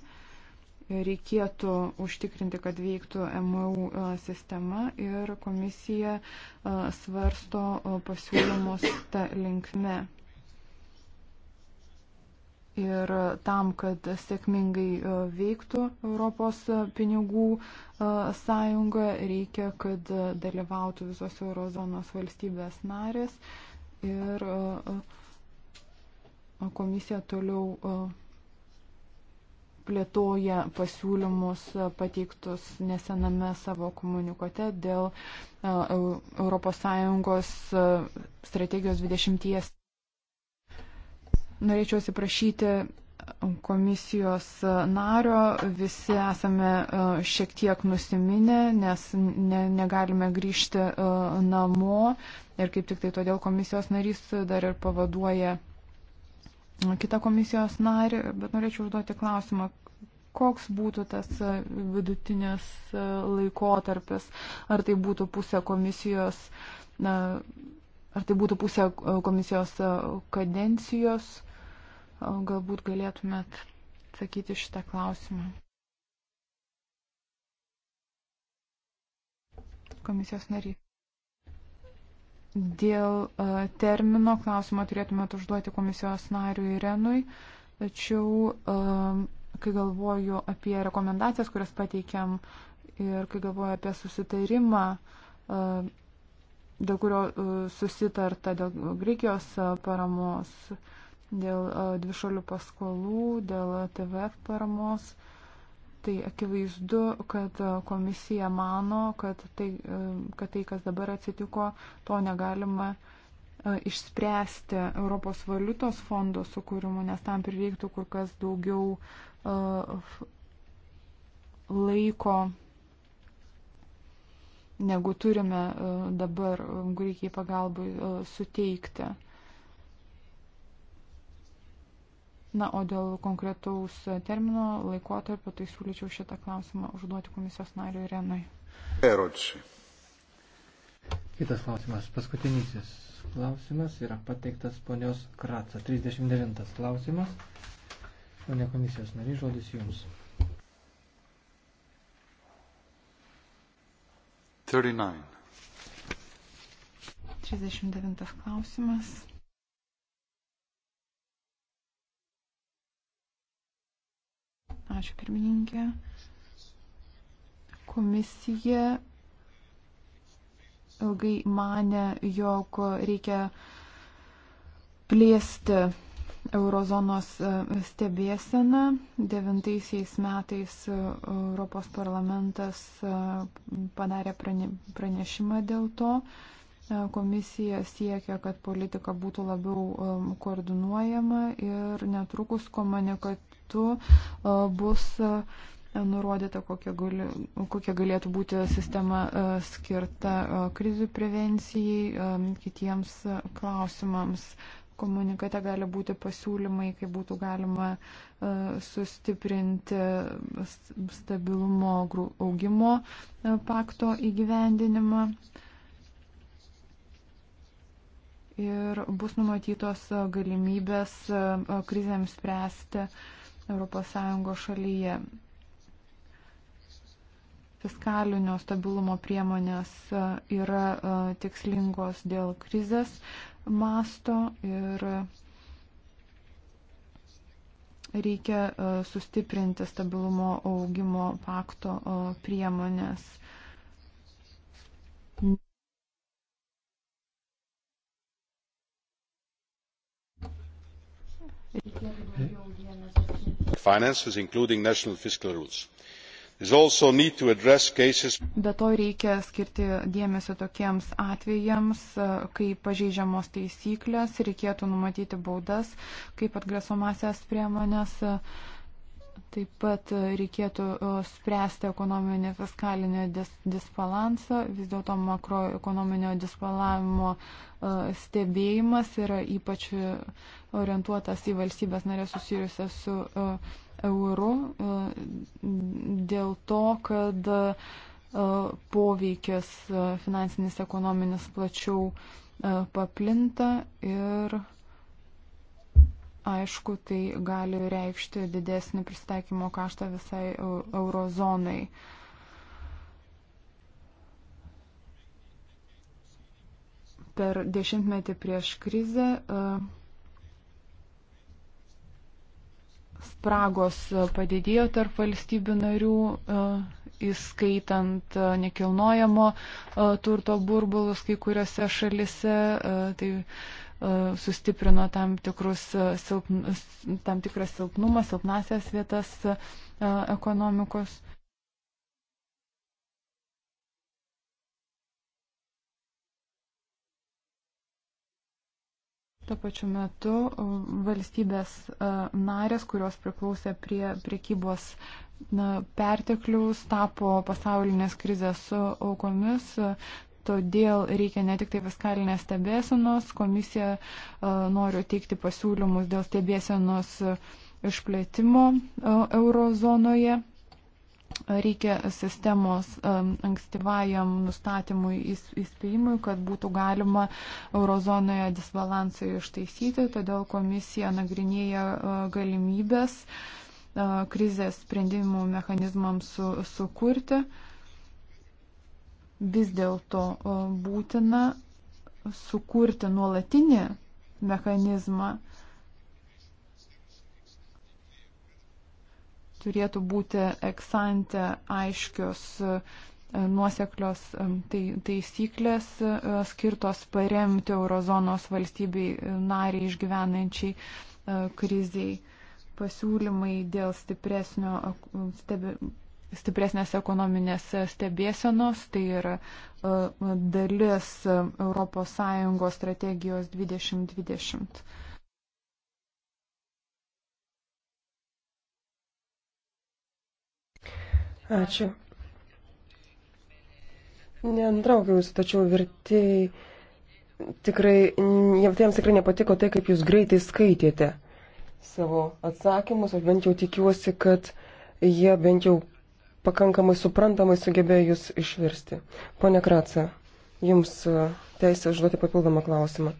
reikėtų užtikrinti, kad veiktų MAU sistema ir komisija svarsto pasiūlymus tą linkme. Ir tam, kad sėkmingai e, veiktų Europos pinigų e, sąjunga, reikia, kad dalyvautų visos eurozonos valstybės narės. Ir e, komisija toliau plėtoja pasiūlymus pateiktus nesename savo komunikate dėl ES strategijos 20 Norėčiau atsiprašyti komisijos nario. Visi esame e, šiek tiek nusiminę, nes ne, negalime grįžti e, namo. Ir kaip tik tai todėl komisijos narys dar ir pavaduoja kitą komisijos narį. Bet norėčiau užduoti klausimą, koks būtų tas vidutinis e, laikotarpis, ar tai būtų pusė komisijos, ar tai būtų pusė komisijos kadencijos, Galbūt galėtumėt atsakyti šitą klausimą. Komisijos nariai. Dėl uh, termino klausimo turėtumėt užduoti komisijos nariui Irenui, tačiau uh, kai galvoju apie rekomendacijas, kurias pateikiam ir kai galvoju apie susitarimą, uh, dėl kurio uh, susitarta dėl Greikijos uh, paramos. Uh, dėl dvišalių paskolų, dėl TVF paramos. Tai akivaizdu, kad komisija mano, kad tai, kad tai kas dabar atsitiko, to negalima išspręsti Europos valiutos fondo sukūrimu, nes tam prireiktų kur kas daugiau laiko negu turime dabar Graikijai pagalbai suteikti. Na, o dėl konkretaus termino laikotarpio, tai siūlyčiau šitą klausimą užduoti komisijos nariui Renui. Erodžiai. Kitas klausimas, paskutinysis klausimas yra pateiktas ponios Kratsa. 39 klausimas. Pone komisijos nariai, žodis jums. 39. 39 klausimas. Ačiū pirmininkė. Komisija ilgai mane, jog reikia plėsti Eurozonos e, stebėsena. Devintaisiais metais e, Europos parlamentas e, padarė pranešimą dėl to. Komisija siekia, kad politika būtų labiau koordinuojama ir netrukus komunikat metu bus nurodyta, kokia, gali, kokia galėtų būti sistema skirta krizių prevencijai, kitiems klausimams. Komunikate gali būti pasiūlymai, kaip būtų galima sustiprinti stabilumo augimo pakto įgyvendinimą ir bus numatytos galimybės krizėms spręsti ES šalyje. Fiskalinio stabilumo priemonės e, yra e, tikslingos dėl krizės masto ir reikia e, sustiprinti stabilumo augimo pakto priemonės. Reikėtų daugiau finances including national fiscal rules. Be to reikia skirti dėmesio tokiems atvejams, e, kai pažeidžiamos taisyklės, reikėtų numatyti baudas kaip atgrasomasias priemonės. Uh, e, Taip pat e, reikėtų e, spręsti ekonominį fiskalinį dis, disbalansą. Vis dėlto makroekonominio disbalavimo e, stebėjimas yra ypač orientuotas į valstybės narės susijusias su euru dėl to, kad poveikis finansinis ekonominis plačiau paplinta ir Aišku, tai gali reikšti didesnį pristaikymo kaštą visai eurozonai. Per dešimtmetį prieš krizę e, spragos padidėjo tarp valstybių narių e, įskaitant e, nekilnojamo turto burbulus kai kuriuose šalise, tai sustiprino tam, tikrus, e, silpn, tam tikrą silpnumą, silpnasias vietas e, ekonomikos. Tuo pačiu metu e, valstybės narės, kurios priklausė prie priekybos na, perteklius, tapo pasaulinės krizės aukomis, Todėl reikia ne tik tai fiskalinės stebėsenos, komisija e, nori teikti pasiūlymus dėl stebėsenos e, išplėtimo e, eurozonoje. Reikia sistemos ankstyvajam nustatymui įspėjimui, kad būtų galima eurozonoje disbalansą ištaisyti, todėl komisija nagrinėja galimybės krizės sprendimų mechanizmams su, sukurti. Su vis dėlto būtina sukurti nuolatinį mechanizmą. Turėtų būti eksante aiškios e, nuoseklios e, tai, taisyklės e, skirtos paremti eurozonos valstybei nariai išgyvenančiai kriziai. Pasiūlymai dėl stipresnio, stipresnės ekonominės stebėsenos, tai yra e, dalis ES strategijos 2020. Ačiū. Nendraukiausi, tačiau vertėjai tikrai, jiems tikrai nepatiko tai, kaip jūs greitai skaitėte savo atsakymus, aš bent jau tikiuosi, kad jie bent jau pakankamai suprantamai sugebėjo jūs išversti. Pone Kratsa, jums e, teisė užduoti papildomą klausimą.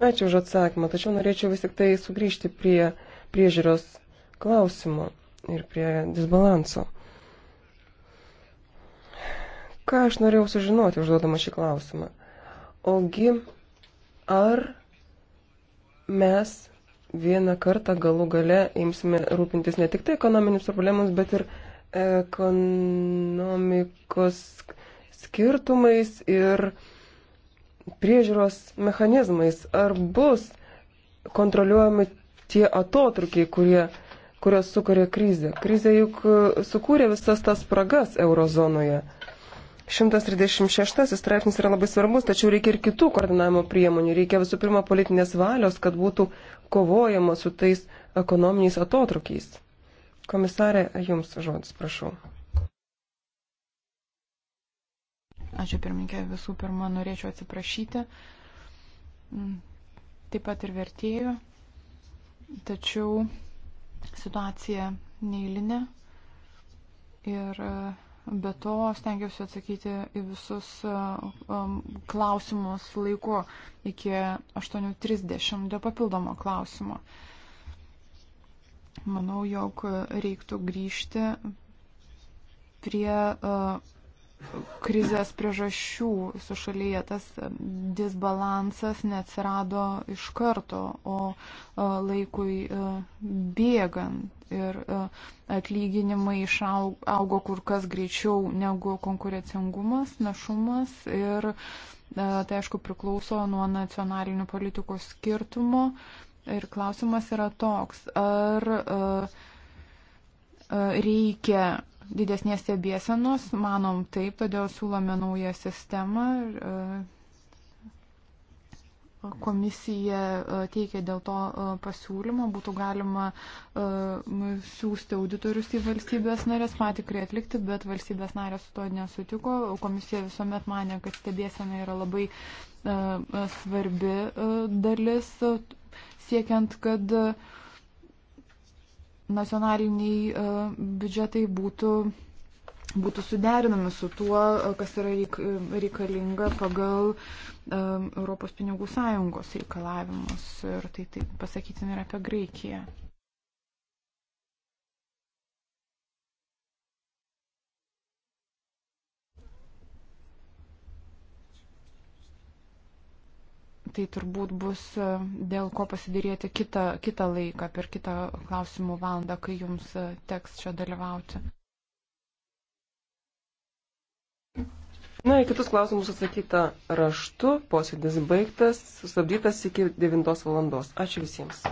Ačiū už atsakymą, tačiau norėčiau vis tik tai sugrįžti prie priežiūros klausimo ir prie disbalanso. Ką aš norėjau sužinoti užduodama šį klausimą? Ogi, ar mes vieną kartą galų gale imsime rūpintis ne tik tai ekonominėms problemams, bet ir ekonomikos skirtumais ir priežiūros mechanizmais. Ar bus kontroliuojami tie atotrukiai, kurie, kurios sukuria krizė? Krizė juk sukūrė visas tas spragas eurozonoje. 136 straipsnis yra labai svarbus, tačiau reikia ir kitų koordinavimo priemonių. Reikia visų pirma politinės valios, kad būtų kovojama su tais ekonominiais atotrukiais. Komisarė, jums žodis, prašau. Ačiū pirmininkė, visų pirma, norėčiau atsiprašyti. Mm, taip pat ir vertėjų. Tačiau situacija neįlinė. Ir uh, Be to, stengiuosi atsakyti į visus um, klausimus laiku iki 8.30 dėl papildomo klausimo. Manau, jog reiktų grįžti prie uh, krizės priežasčių su šalyje. Tas disbalansas neatsirado iš karto, o e, laikui e, bėgant. Ir e, atlyginimai išaugo kur kas greičiau negu konkurencingumas, našumas. Ir tai aišku priklauso nuo nacionalinių politikos skirtumo. Ir klausimas yra toks, ar reikia didesnės stebėsenos, manom taip, todėl siūlome naują sistemą. E, komisija e, teikia dėl to e, pasiūlymą, būtų galima siūsti auditorius į valstybės narės, patikrai atlikti, bet valstybės narės su to nesutiko. Komisija visuomet mane, kad stebėsena yra labai svarbi dalis siekiant, kad uh, nacionaliniai e, biudžetai būtų, būtų suderinami su tuo, e, kas yra e, reikalinga pagal Europos pinigų sąjungos reikalavimus. Ir tai, tai pasakytina ir apie Graikiją. tai turbūt bus e, dėl ko pasidėrėti kitą, kitą laiką, per kitą klausimų valandą, kai jums e, teks čia dalyvauti. Na, į kitus klausimus atsakyta raštu, posėdis baigtas, sustabdytas iki 9 valandos. Ačiū visiems.